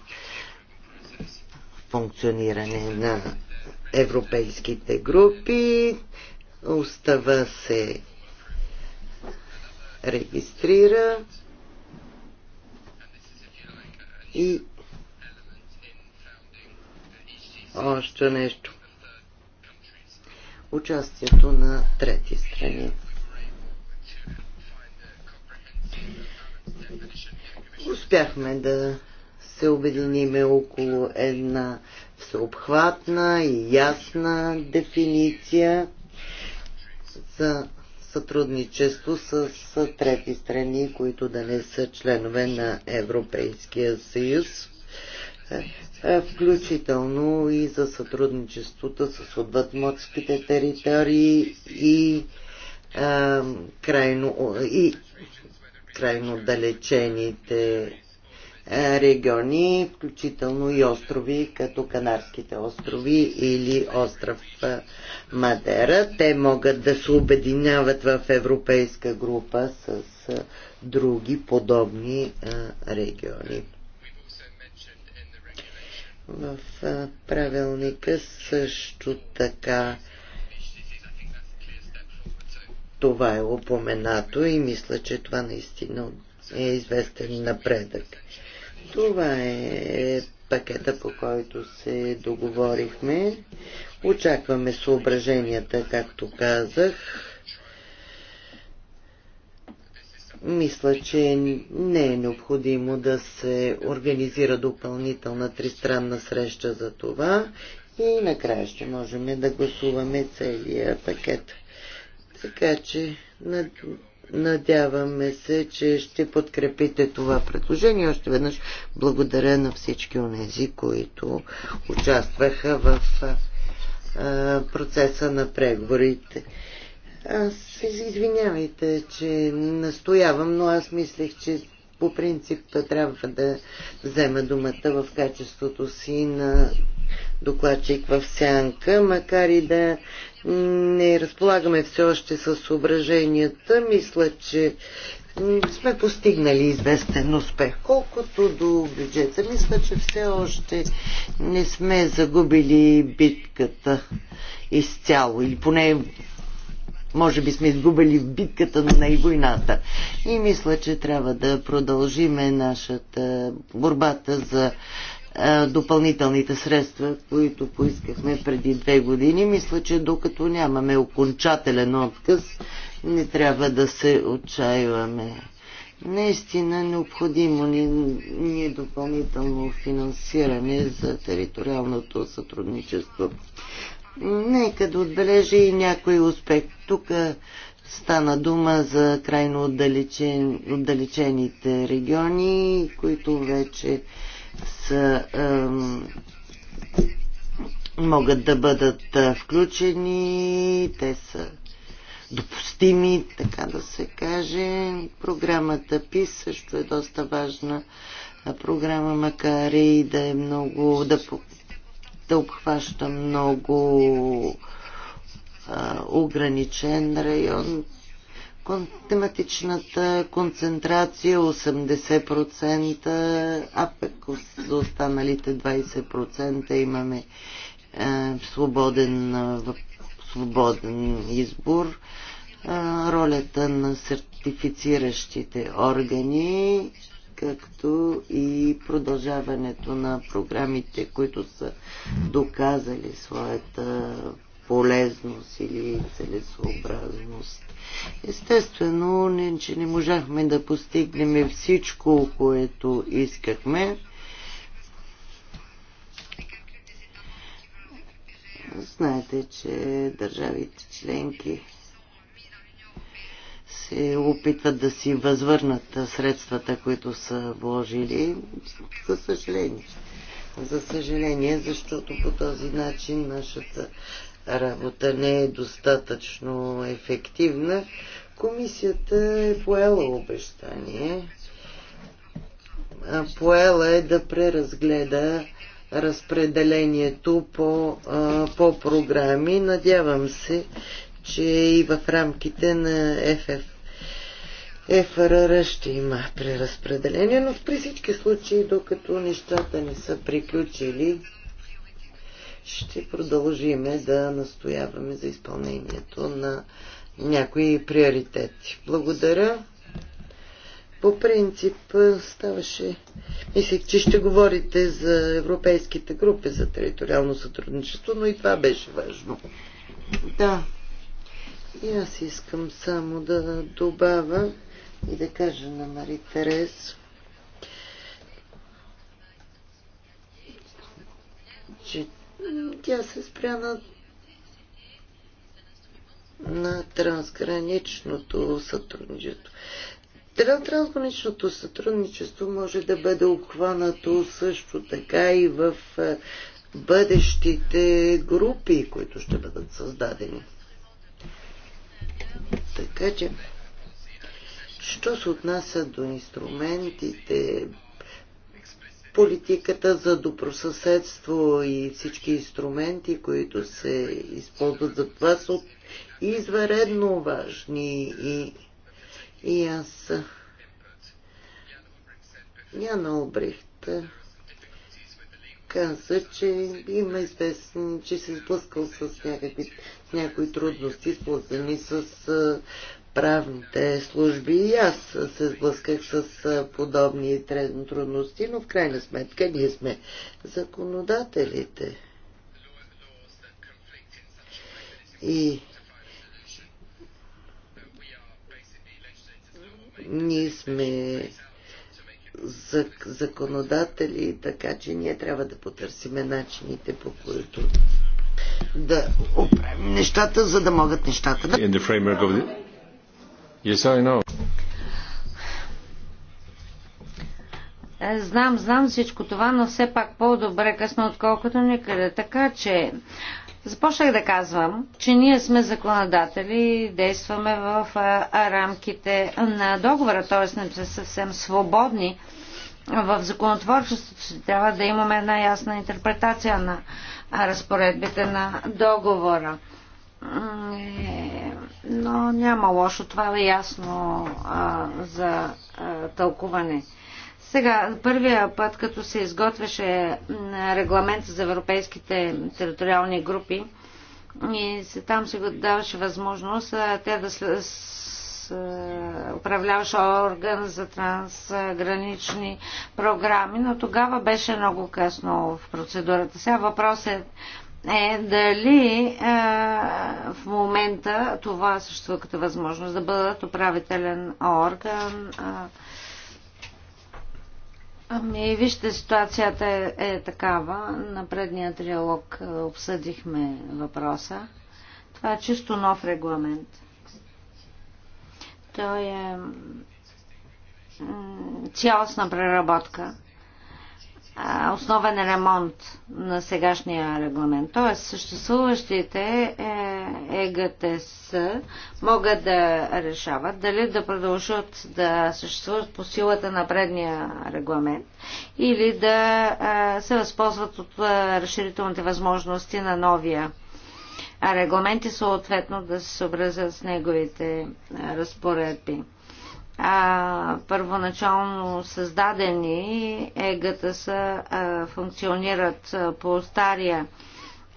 функциониране на европейските групи. Устава се регистрира. И още нещо. Участието на трети страни. Успяхме да се обединиме около една всеобхватна и ясна дефиниция за сътрудничество с, трети страни, които да не са членове на Европейския съюз, включително и за сътрудничеството с отвъдморските територии и, а, крайно, и крайно далечените е, региони, включително и острови, като Канарските острови или остров е, Мадера. Те могат да се обединяват в европейска група с е, други подобни региони. В правилника също така това е упоменато и мисля, че това наистина е известен напредък. Това е пакета, по който се договорихме. Очакваме съображенията, както казах. Мисля, че не е необходимо да се организира допълнителна тристранна среща за това и накрая ще можем да гласуваме целия пакет. Така че Надяваме се, че ще подкрепите това предложение. Още веднъж благодаря на всички онези, които участваха в процеса на преговорите. Аз извинявайте, че настоявам, но аз мислех, че по принцип трябва да взема думата в качеството си на докладчик в сянка, макар и да не разполагаме все още с съображенията. Мисля, че сме постигнали известен успех. Колкото до бюджета, мисля, че все още не сме загубили битката изцяло. Или поне може би сме изгубили битката, но не и войната. И мисля, че трябва да продължиме нашата борбата за допълнителните средства, които поискахме преди две години. Мисля, че докато нямаме окончателен отказ, не трябва да се отчаиваме. Наистина необходимо ни, ни е допълнително финансиране за териториалното сътрудничество. Нека да отбележи и някой успех. Тук стана дума за крайно отдалечен, отдалечените региони, които вече са, могат да бъдат включени, те са допустими, така да се каже. Програмата ПИС също е доста важна програма, макар и да е много, да, да обхваща много а, ограничен район тематичната концентрация 80%, а пък за останалите 20% имаме е, свободен, е, свободен избор. Е, ролята на сертифициращите органи, както и продължаването на програмите, които са доказали своята полезност или целесообразност. Естествено, не, че не можахме да постигнем всичко, което искахме. Знаете, че държавите членки се опитват да си възвърнат средствата, които са вложили, за съжаление. За съжаление, защото по този начин нашата работа не е достатъчно ефективна, комисията е поела обещание. Поела е да преразгледа разпределението по, по програми. Надявам се, че и в рамките на ФФ ФРР ще има преразпределение, но при всички случаи, докато нещата не са приключили, ще продължиме да настояваме за изпълнението на някои приоритети. Благодаря. По принцип ставаше... Мислех, че ще говорите за европейските групи за териториално сътрудничество, но и това беше важно. Да. И аз искам само да добавя и да кажа на Мари Терес, че тя се спря на, на трансграничното сътрудничество. Трансграничното сътрудничество може да бъде обхванато също така и в е, бъдещите групи, които ще бъдат създадени. Така че, що се отнася до инструментите, политиката за добросъседство и всички инструменти, които се използват за това, са изваредно важни и, и аз Яна Обрехт каза, че има известно, че се сблъскал с някакви, някои трудности, свързани с правните служби и аз се сблъсках с подобни трудности, но в крайна сметка ние сме законодателите. И ние сме законодатели, така че ние трябва да потърсиме начините по които да оправим нещата, за да могат нещата да... Yes, I know. Е, знам, знам всичко това, но все пак по-добре късно, отколкото никъде. Така че започнах да казвам, че ние сме законодатели и действаме в е, рамките на договора, т.е. не сме съвсем свободни в законотворчеството трябва да имаме една ясна интерпретация на разпоредбите на договора. Е, но няма лошо, това е ясно а, за а, тълкуване. Сега, първия път, като се изготвяше регламент за европейските териториални групи, и се, там се го даваше възможност а, те да с, с, управляваш орган за трансгранични програми, но тогава беше много късно в процедурата. Сега въпрос е е дали е, в момента това съществува като възможност да бъдат управителен орган. Е, ами, вижте, ситуацията е, е такава. На предния триалог обсъдихме въпроса. Това е чисто нов регламент. Той е цялостна преработка основен ремонт на сегашния регламент. Т.е. съществуващите е, ЕГТС могат да решават дали да продължат да съществуват по силата на предния регламент или да се възползват от разширителните възможности на новия регламент и съответно да се съобразят с неговите разпоредби а, първоначално създадени, егата са, а, функционират а, по стария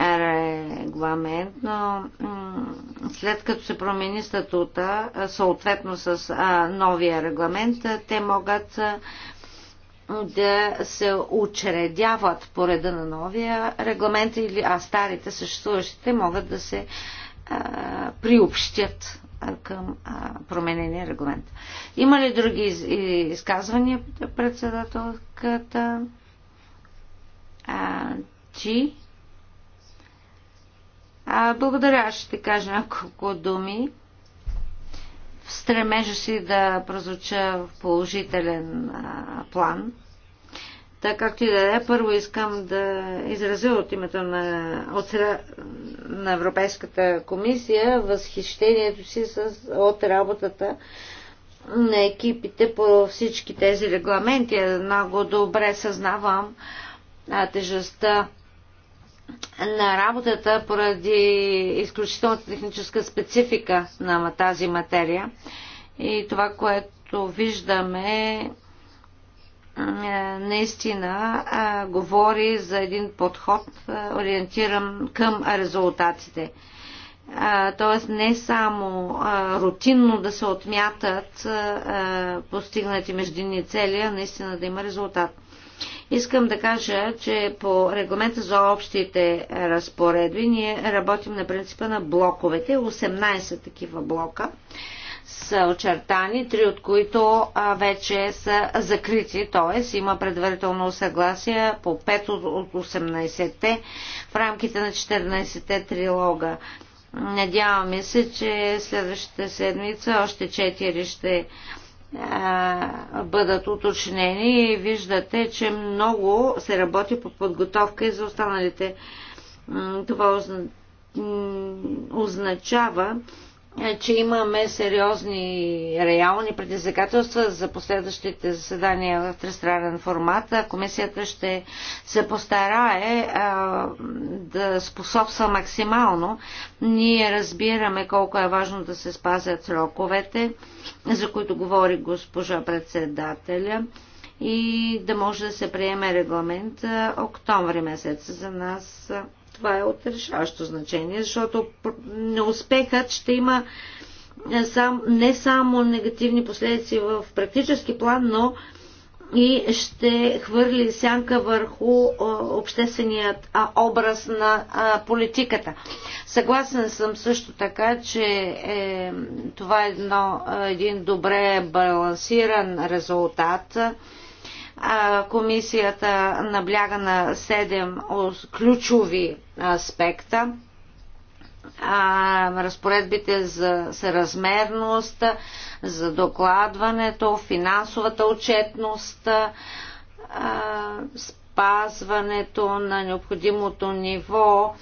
регламент, но след като се промени статута, съответно с а, новия регламент, те могат а, да се учредяват по реда на новия регламент, или, а старите съществуващите могат да се а, приобщят към променения регламент. Има ли други изказвания председателката? А, чи? А, благодаря, ще кажа няколко думи. В стремежа си да прозвуча в положителен а, план. Така както и да е, първо искам да изразя от името на, от, на Европейската комисия възхищението си с, от работата на екипите по всички тези регламенти. Много добре съзнавам а, тежестта на работата поради изключителната техническа специфика на тази материя и това, което виждаме е, наистина говори за един подход, ориентиран към резултатите. Тоест не само рутинно да се отмятат постигнати междинни цели, а наистина да има резултат. Искам да кажа, че по регламента за общите разпоредби ние работим на принципа на блоковете, 18 такива блока са очертани, три от които вече са закрити, т.е. има предварително съгласие по 5 от 18-те в рамките на 14-те трилога. Надяваме се, че следващата седмица още 4 ще бъдат уточнени и виждате, че много се работи по подготовка и за останалите. Това означава, е, че имаме сериозни реални предизвикателства за последващите заседания в тристранен формат. Комисията ще се постарае а, е, да способства максимално. Ние разбираме колко е важно да се спазят сроковете, за които говори госпожа председателя и да може да се приеме регламент е, октомври месец. За нас а, това е от решаващо значение, защото неуспехът ще има е, сам, не само негативни последици в практически план, но и ще хвърли сянка върху е, общественият образ на политиката. Съгласен съм също така, че е, това е едно, е, един добре балансиран резултат. Комисията набляга на 7 ключови аспекта. Разпоредбите за съразмерност, за докладването, финансовата отчетност, спазването на необходимото ниво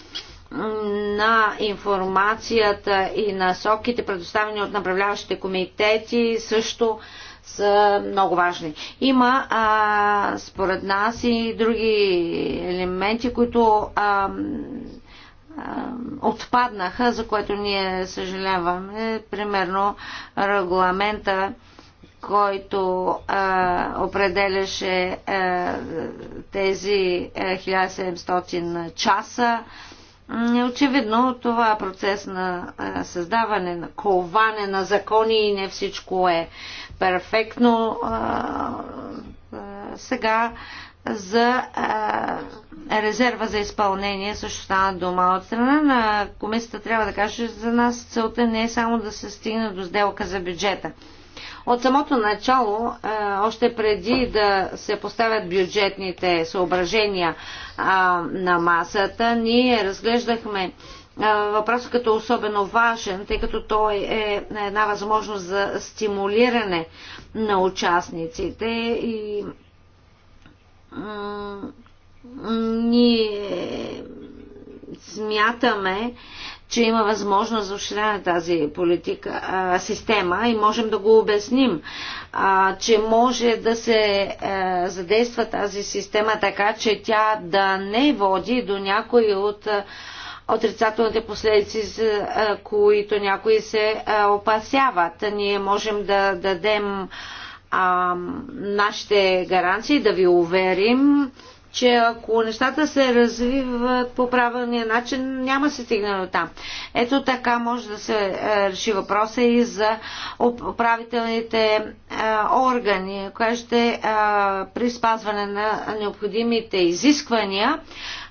на информацията и насоките, предоставени от направляващите комитети, също са много важни. Има, а, според нас, и други елементи, които а, а, отпаднаха, за което ние съжаляваме. Примерно регламента който а, определяше а, тези 1700 часа. Очевидно, това е процес на създаване, на коване на закони и не всичко е перфектно сега за а, резерва за изпълнение също стана дума. От страна на комисията трябва да каже, че за нас целта не е само да се стигне до сделка за бюджета. От самото начало, още преди да се поставят бюджетните съображения на масата, ние разглеждахме въпросът като особено важен, тъй като той е една възможност за стимулиране на участниците и ние смятаме, че има възможност за на тази политика, система и можем да го обясним, че може да се е, задейства тази система така, че тя да не води до някои от е, отрицателните последици, за които някои се опасяват. Ние можем да дадем а, нашите гаранции, да ви уверим, че ако нещата се развиват по правилния начин, няма се стигне до там. Ето така може да се реши въпроса и за управителните органи, които ще при спазване на необходимите изисквания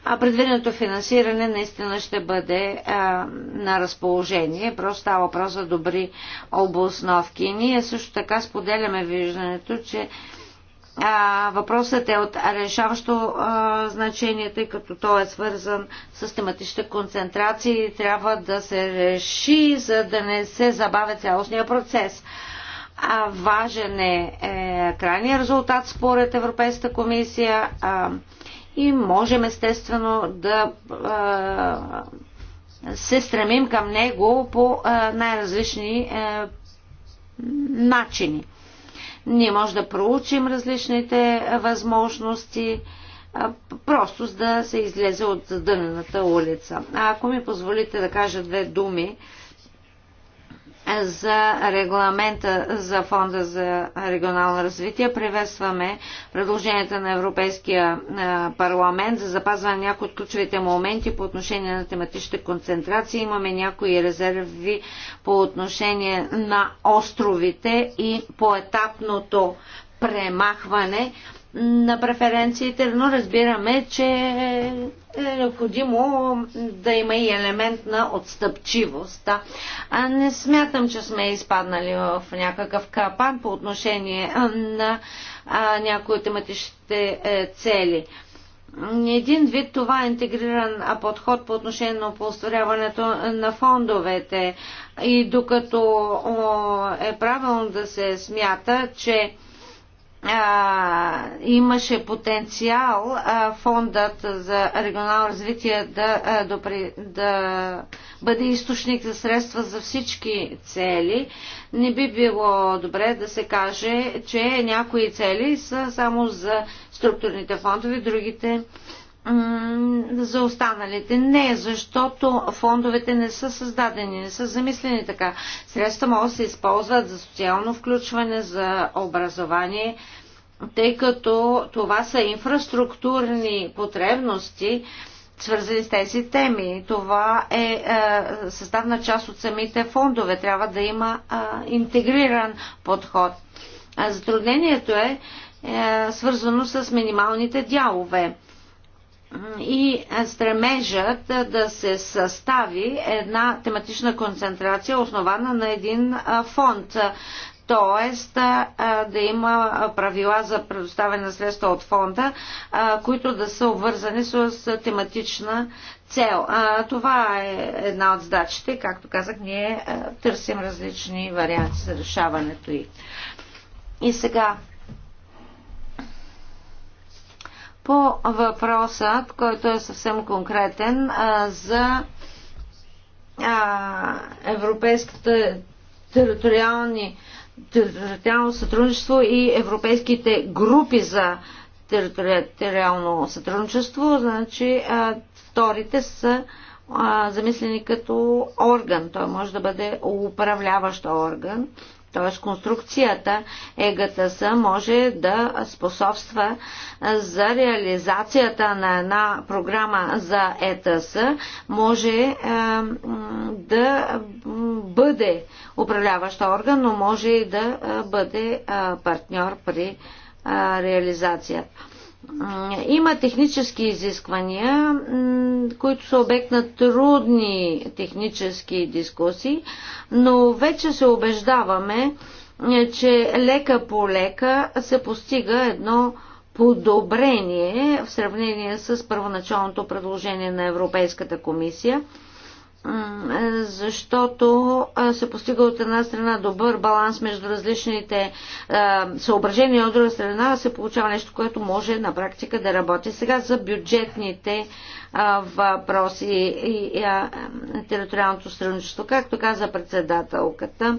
а предвиденото финансиране наистина ще бъде а, на разположение. Просто става въпрос за добри обосновки. Ние също така споделяме виждането, че а, въпросът е от решаващо а, значение, тъй като той е свързан с тематична концентрация и трябва да се реши, за да не се забавя цялостния процес. А, важен е, е крайният резултат според Европейската комисия. А, и можем естествено да се стремим към него по най-различни начини. Ние може да проучим различните възможности, просто за да се излезе от дънената улица. А ако ми позволите да кажа две думи, за регламента за фонда за регионално развитие. Приветстваме предложенията на Европейския парламент за запазване на някои от ключовите моменти по отношение на тематичните концентрации. Имаме някои резерви по отношение на островите и поетапното премахване на преференциите, но разбираме, че е необходимо да има и елемент на отстъпчивост. Да. А не смятам, че сме изпаднали в някакъв капан по отношение на а, някои тематичните е, цели. Един вид това е интегриран подход по отношение на оползотворяването на фондовете и докато е правилно да се смята, че а, имаше потенциал а, фондът за регионално развитие да, а, допри, да бъде източник за средства за всички цели, не би било добре да се каже, че някои цели са само за структурните фондове, другите за останалите. Не, защото фондовете не са създадени, не са замислени така. Средства могат да се използват за социално включване, за образование, тъй като това са инфраструктурни потребности, свързани с тези теми. Това е, е съставна част от самите фондове. Трябва да има е, интегриран подход. Затруднението е, е свързано с минималните дялове и стремежът да се състави една тематична концентрация, основана на един фонд. Тоест да има правила за предоставяне на средства от фонда, които да са обвързани с тематична цел. Това е една от задачите. Както казах, ние търсим различни варианти за решаването й. И сега По въпроса, който е съвсем конкретен, за европейските териториални териториално сътрудничество и европейските групи за териториално сътрудничество, значи вторите са замислени като орган. Той може да бъде управляващ орган. Т.е. конструкцията ЕГТС може да способства за реализацията на една програма за ЕТС, може е, да бъде управляващ орган, но може и да е, бъде е, партньор при реализацията. Има технически изисквания, които са обект на трудни технически дискусии, но вече се убеждаваме, е, че лека по лека се постига едно подобрение в сравнение с първоначалното предложение на Европейската комисия – защото се постига от една страна добър баланс между различните съображения, от друга страна се получава нещо, което може на практика да работи. Сега за бюджетните въпроси и териториалното сътрудничество. Както каза председателката,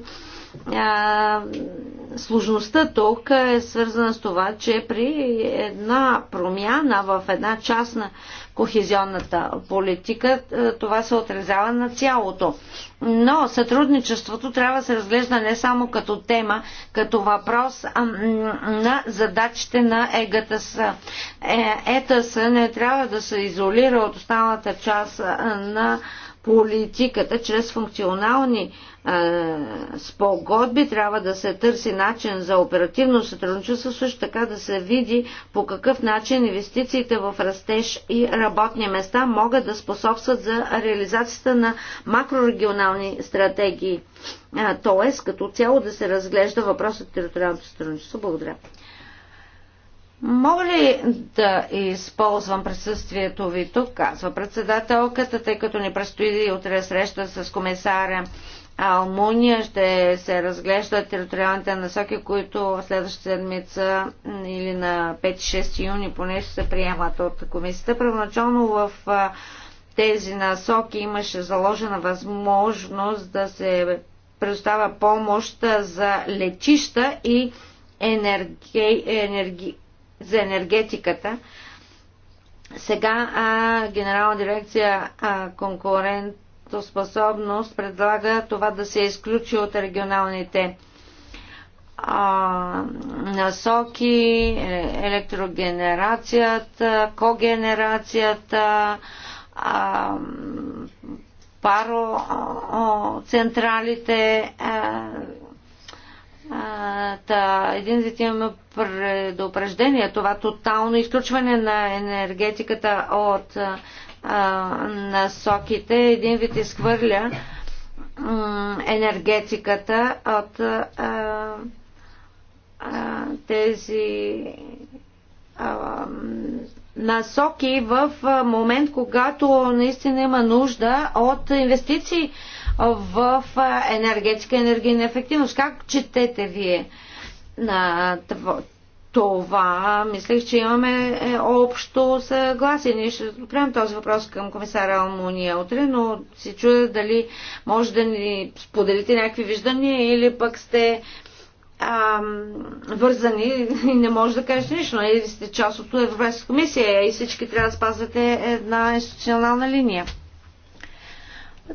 сложността тук е свързана с това, че при една промяна в една част на кохезионната политика, това се отрезава на цялото. Но сътрудничеството трябва да се разглежда не само като тема, като въпрос а, на задачите на ЕГТС. Е, ЕТС не трябва да се изолира от останалата част на политиката чрез функционални спогодби, трябва да се търси начин за оперативно сътрудничество, също така да се види по какъв начин инвестициите в растеж и работни места могат да способстват за реализацията на макрорегионални стратегии. Тоест, като цяло да се разглежда въпросът териториалното сътрудничество. Благодаря. Мога ли да използвам присъствието ви тук, казва председателката, тъй като ни предстои утре среща с комисаря Алмуния ще се разглеждат териториалните насоки, които следващата седмица или на 5-6 юни поне ще се приемат от комисията. Първоначално в тези насоки имаше заложена възможност да се предоставя помощ за лечища и енерги, енерги, за енергетиката. Сега а, Генерална дирекция а, конкурент способност предлага това да се изключи от регионалните а, насоки, електрогенерацията, когенерацията, а, пароцентралите. Та, един вид имаме предупреждение, това тотално изключване на енергетиката от насоките, един вид изхвърля енергетиката от а, а, тези а, насоки в момент, когато наистина има нужда от инвестиции в енергетика, енергийна ефективност. Как четете вие на това мислех, че имаме е, общо съгласие. Ние ще отправим този въпрос към комисара Алмуния утре, но се чуя дали може да ни споделите някакви виждания или пък сте ам, вързани и не може да кажете нищо. Нали? Или сте част от Европейска комисия и всички трябва да спазвате една институционална линия.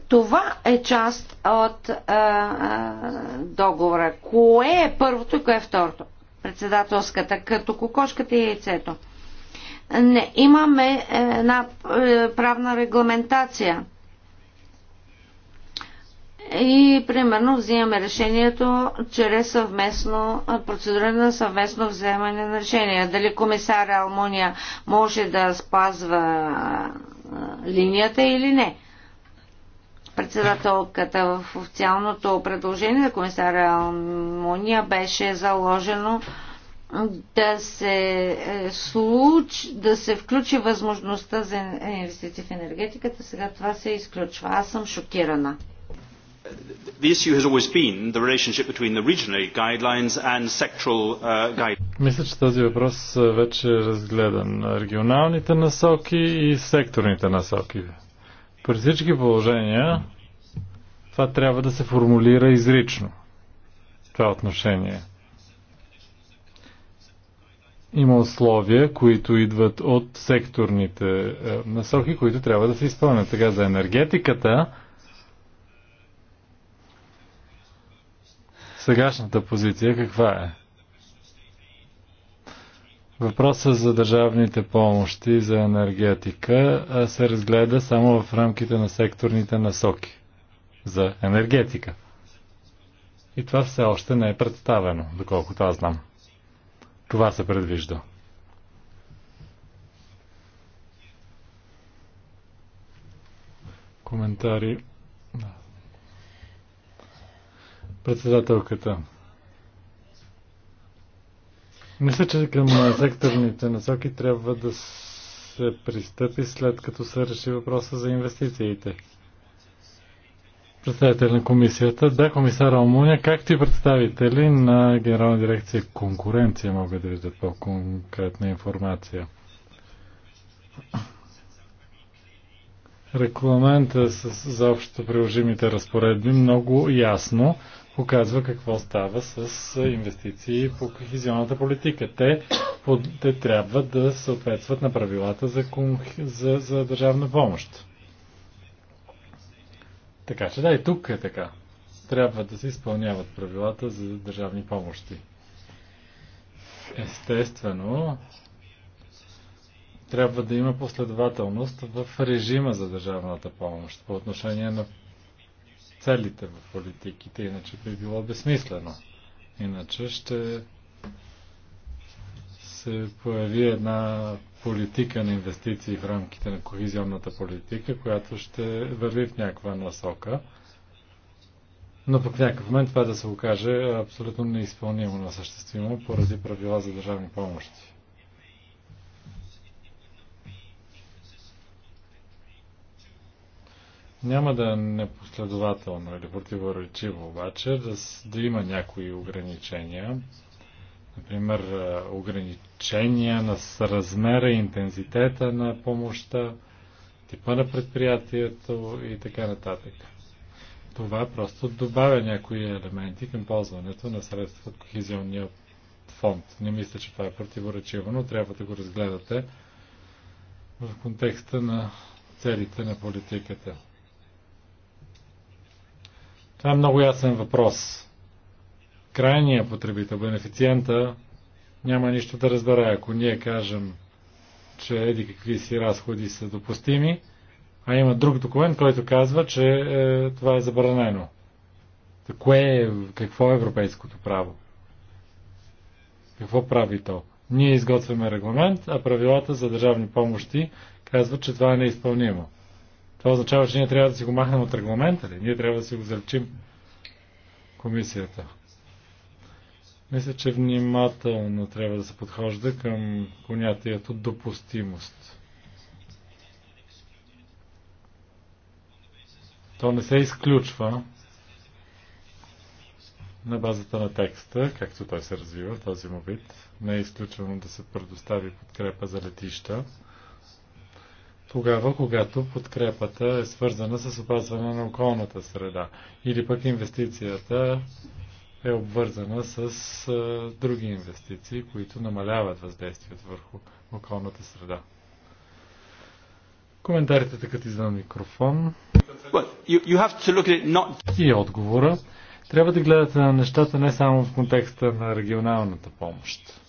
Това е част от а, а, договора. Кое е първото и кое е второто? председателската, като кокошката и яйцето. Не, имаме една е, правна регламентация. И примерно взимаме решението чрез съвместно, процедура на съвместно вземане на решение. Дали комисаря Алмуния може да спазва е, линията или не председателката в официалното предложение на комисаря Алмуния беше заложено да се, е, случ, да се включи възможността за инвестиции в енергетиката. Сега това се изключва. Аз съм шокирана. Uh, Мисля, че този въпрос е, вече е разгледан. Регионалните насоки и секторните насоки. При всички положения това трябва да се формулира изрично. Това отношение. Има условия, които идват от секторните е, насоки, които трябва да се изпълнят. Така за енергетиката сегашната позиция каква е? Въпросът за държавните помощи за енергетика се разгледа само в рамките на секторните насоки за енергетика. И това все още не е представено, доколкото аз знам. Това се предвижда. Коментари. Председателката. Мисля, че към секторните насоки трябва да се пристъпи след като се реши въпроса за инвестициите. Представители на комисията, да, комисар Алмуня, както и представители на Генерална дирекция конкуренция могат да ви по-конкретна информация. Регламента за общо приложимите разпоредби много ясно показва какво става с инвестиции по кохезионната политика. Те, под, те трябва да съответстват на правилата за, за, за държавна помощ. Така че да, и тук е така. Трябва да се изпълняват правилата за държавни помощи. Естествено, трябва да има последователност в режима за държавната помощ по отношение на целите в политиките, иначе би било безсмислено. Иначе ще се появи една политика на инвестиции в рамките на кохизионната политика, която ще върви в някаква насока. Но пък в някакъв момент това да се окаже абсолютно неизпълнимо на съществимо поради правила за държавни помощи. Няма да е непоследователно или противоречиво обаче да, да има някои ограничения. Например, е, ограничения на размера и интензитета на помощта, типа на предприятието и така нататък. Това просто добавя някои елементи към ползването на средства от кохизионния фонд. Не мисля, че това е противоречиво, но трябва да го разгледате в контекста на целите на политиката. Това е много ясен въпрос. Крайният потребител, бенефициента, няма нищо да разбере. Ако ние кажем, че еди какви си разходи са допустими, а има друг документ, който казва, че е, това е забранено. кое е, какво е европейското право? Какво прави то? Ние изготвяме регламент, а правилата за държавни помощи казват, че това е неизпълнимо. Това означава, че ние трябва да си го махнем от регламента ли? Ние трябва да си го заличим комисията. Мисля, че внимателно трябва да се подхожда към понятието допустимост. То не се изключва на базата на текста, както той се развива в този му вид. Не е изключвано да се предостави подкрепа за летища тогава, когато подкрепата е свързана с опазване на околната среда или пък инвестицията е обвързана с а, други инвестиции, които намаляват въздействието върху околната среда. Коментарите ти за микрофон. И отговора. Трябва да гледате на нещата не само в контекста на регионалната помощ.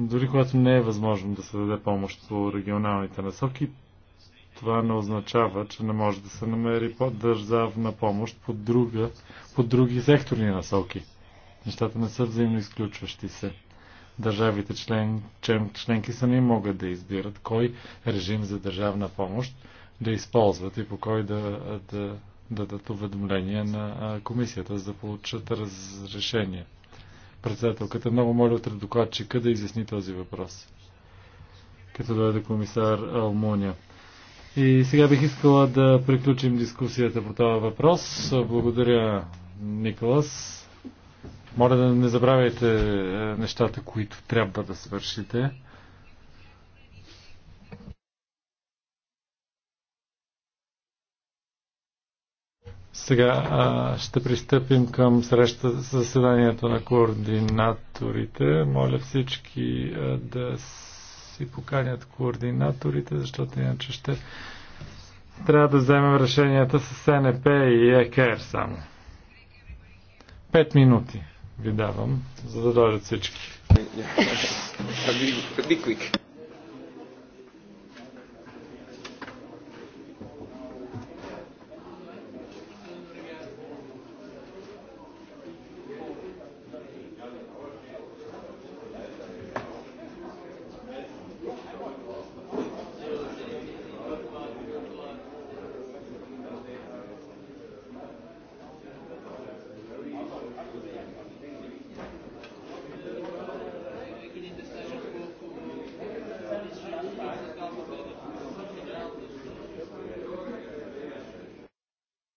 Дори когато не е възможно да се даде помощ по регионалните насоки, това не означава, че не може да се намери държавна помощ по, друга, по други секторни насоки. Нещата не са взаимно изключващи се. Държавите член, член, членки сами могат да избират кой режим за държавна помощ да използват и по кой да, да, да дадат уведомление на комисията за да получат разрешение председателката. Много моля от докладчика да изясни този въпрос, като дойде комисар Алмония. И сега бих искала да приключим дискусията по това въпрос. Благодаря, Николас. Моля да не забравяйте е, нещата, които трябва да свършите. Сега а, ще пристъпим към среща заседанието на координаторите. Моля всички а, да си поканят координаторите, защото иначе ще трябва да вземем решенията с НП и ЕКР само. Пет минути ви давам, за да дойдат всички. Yeah.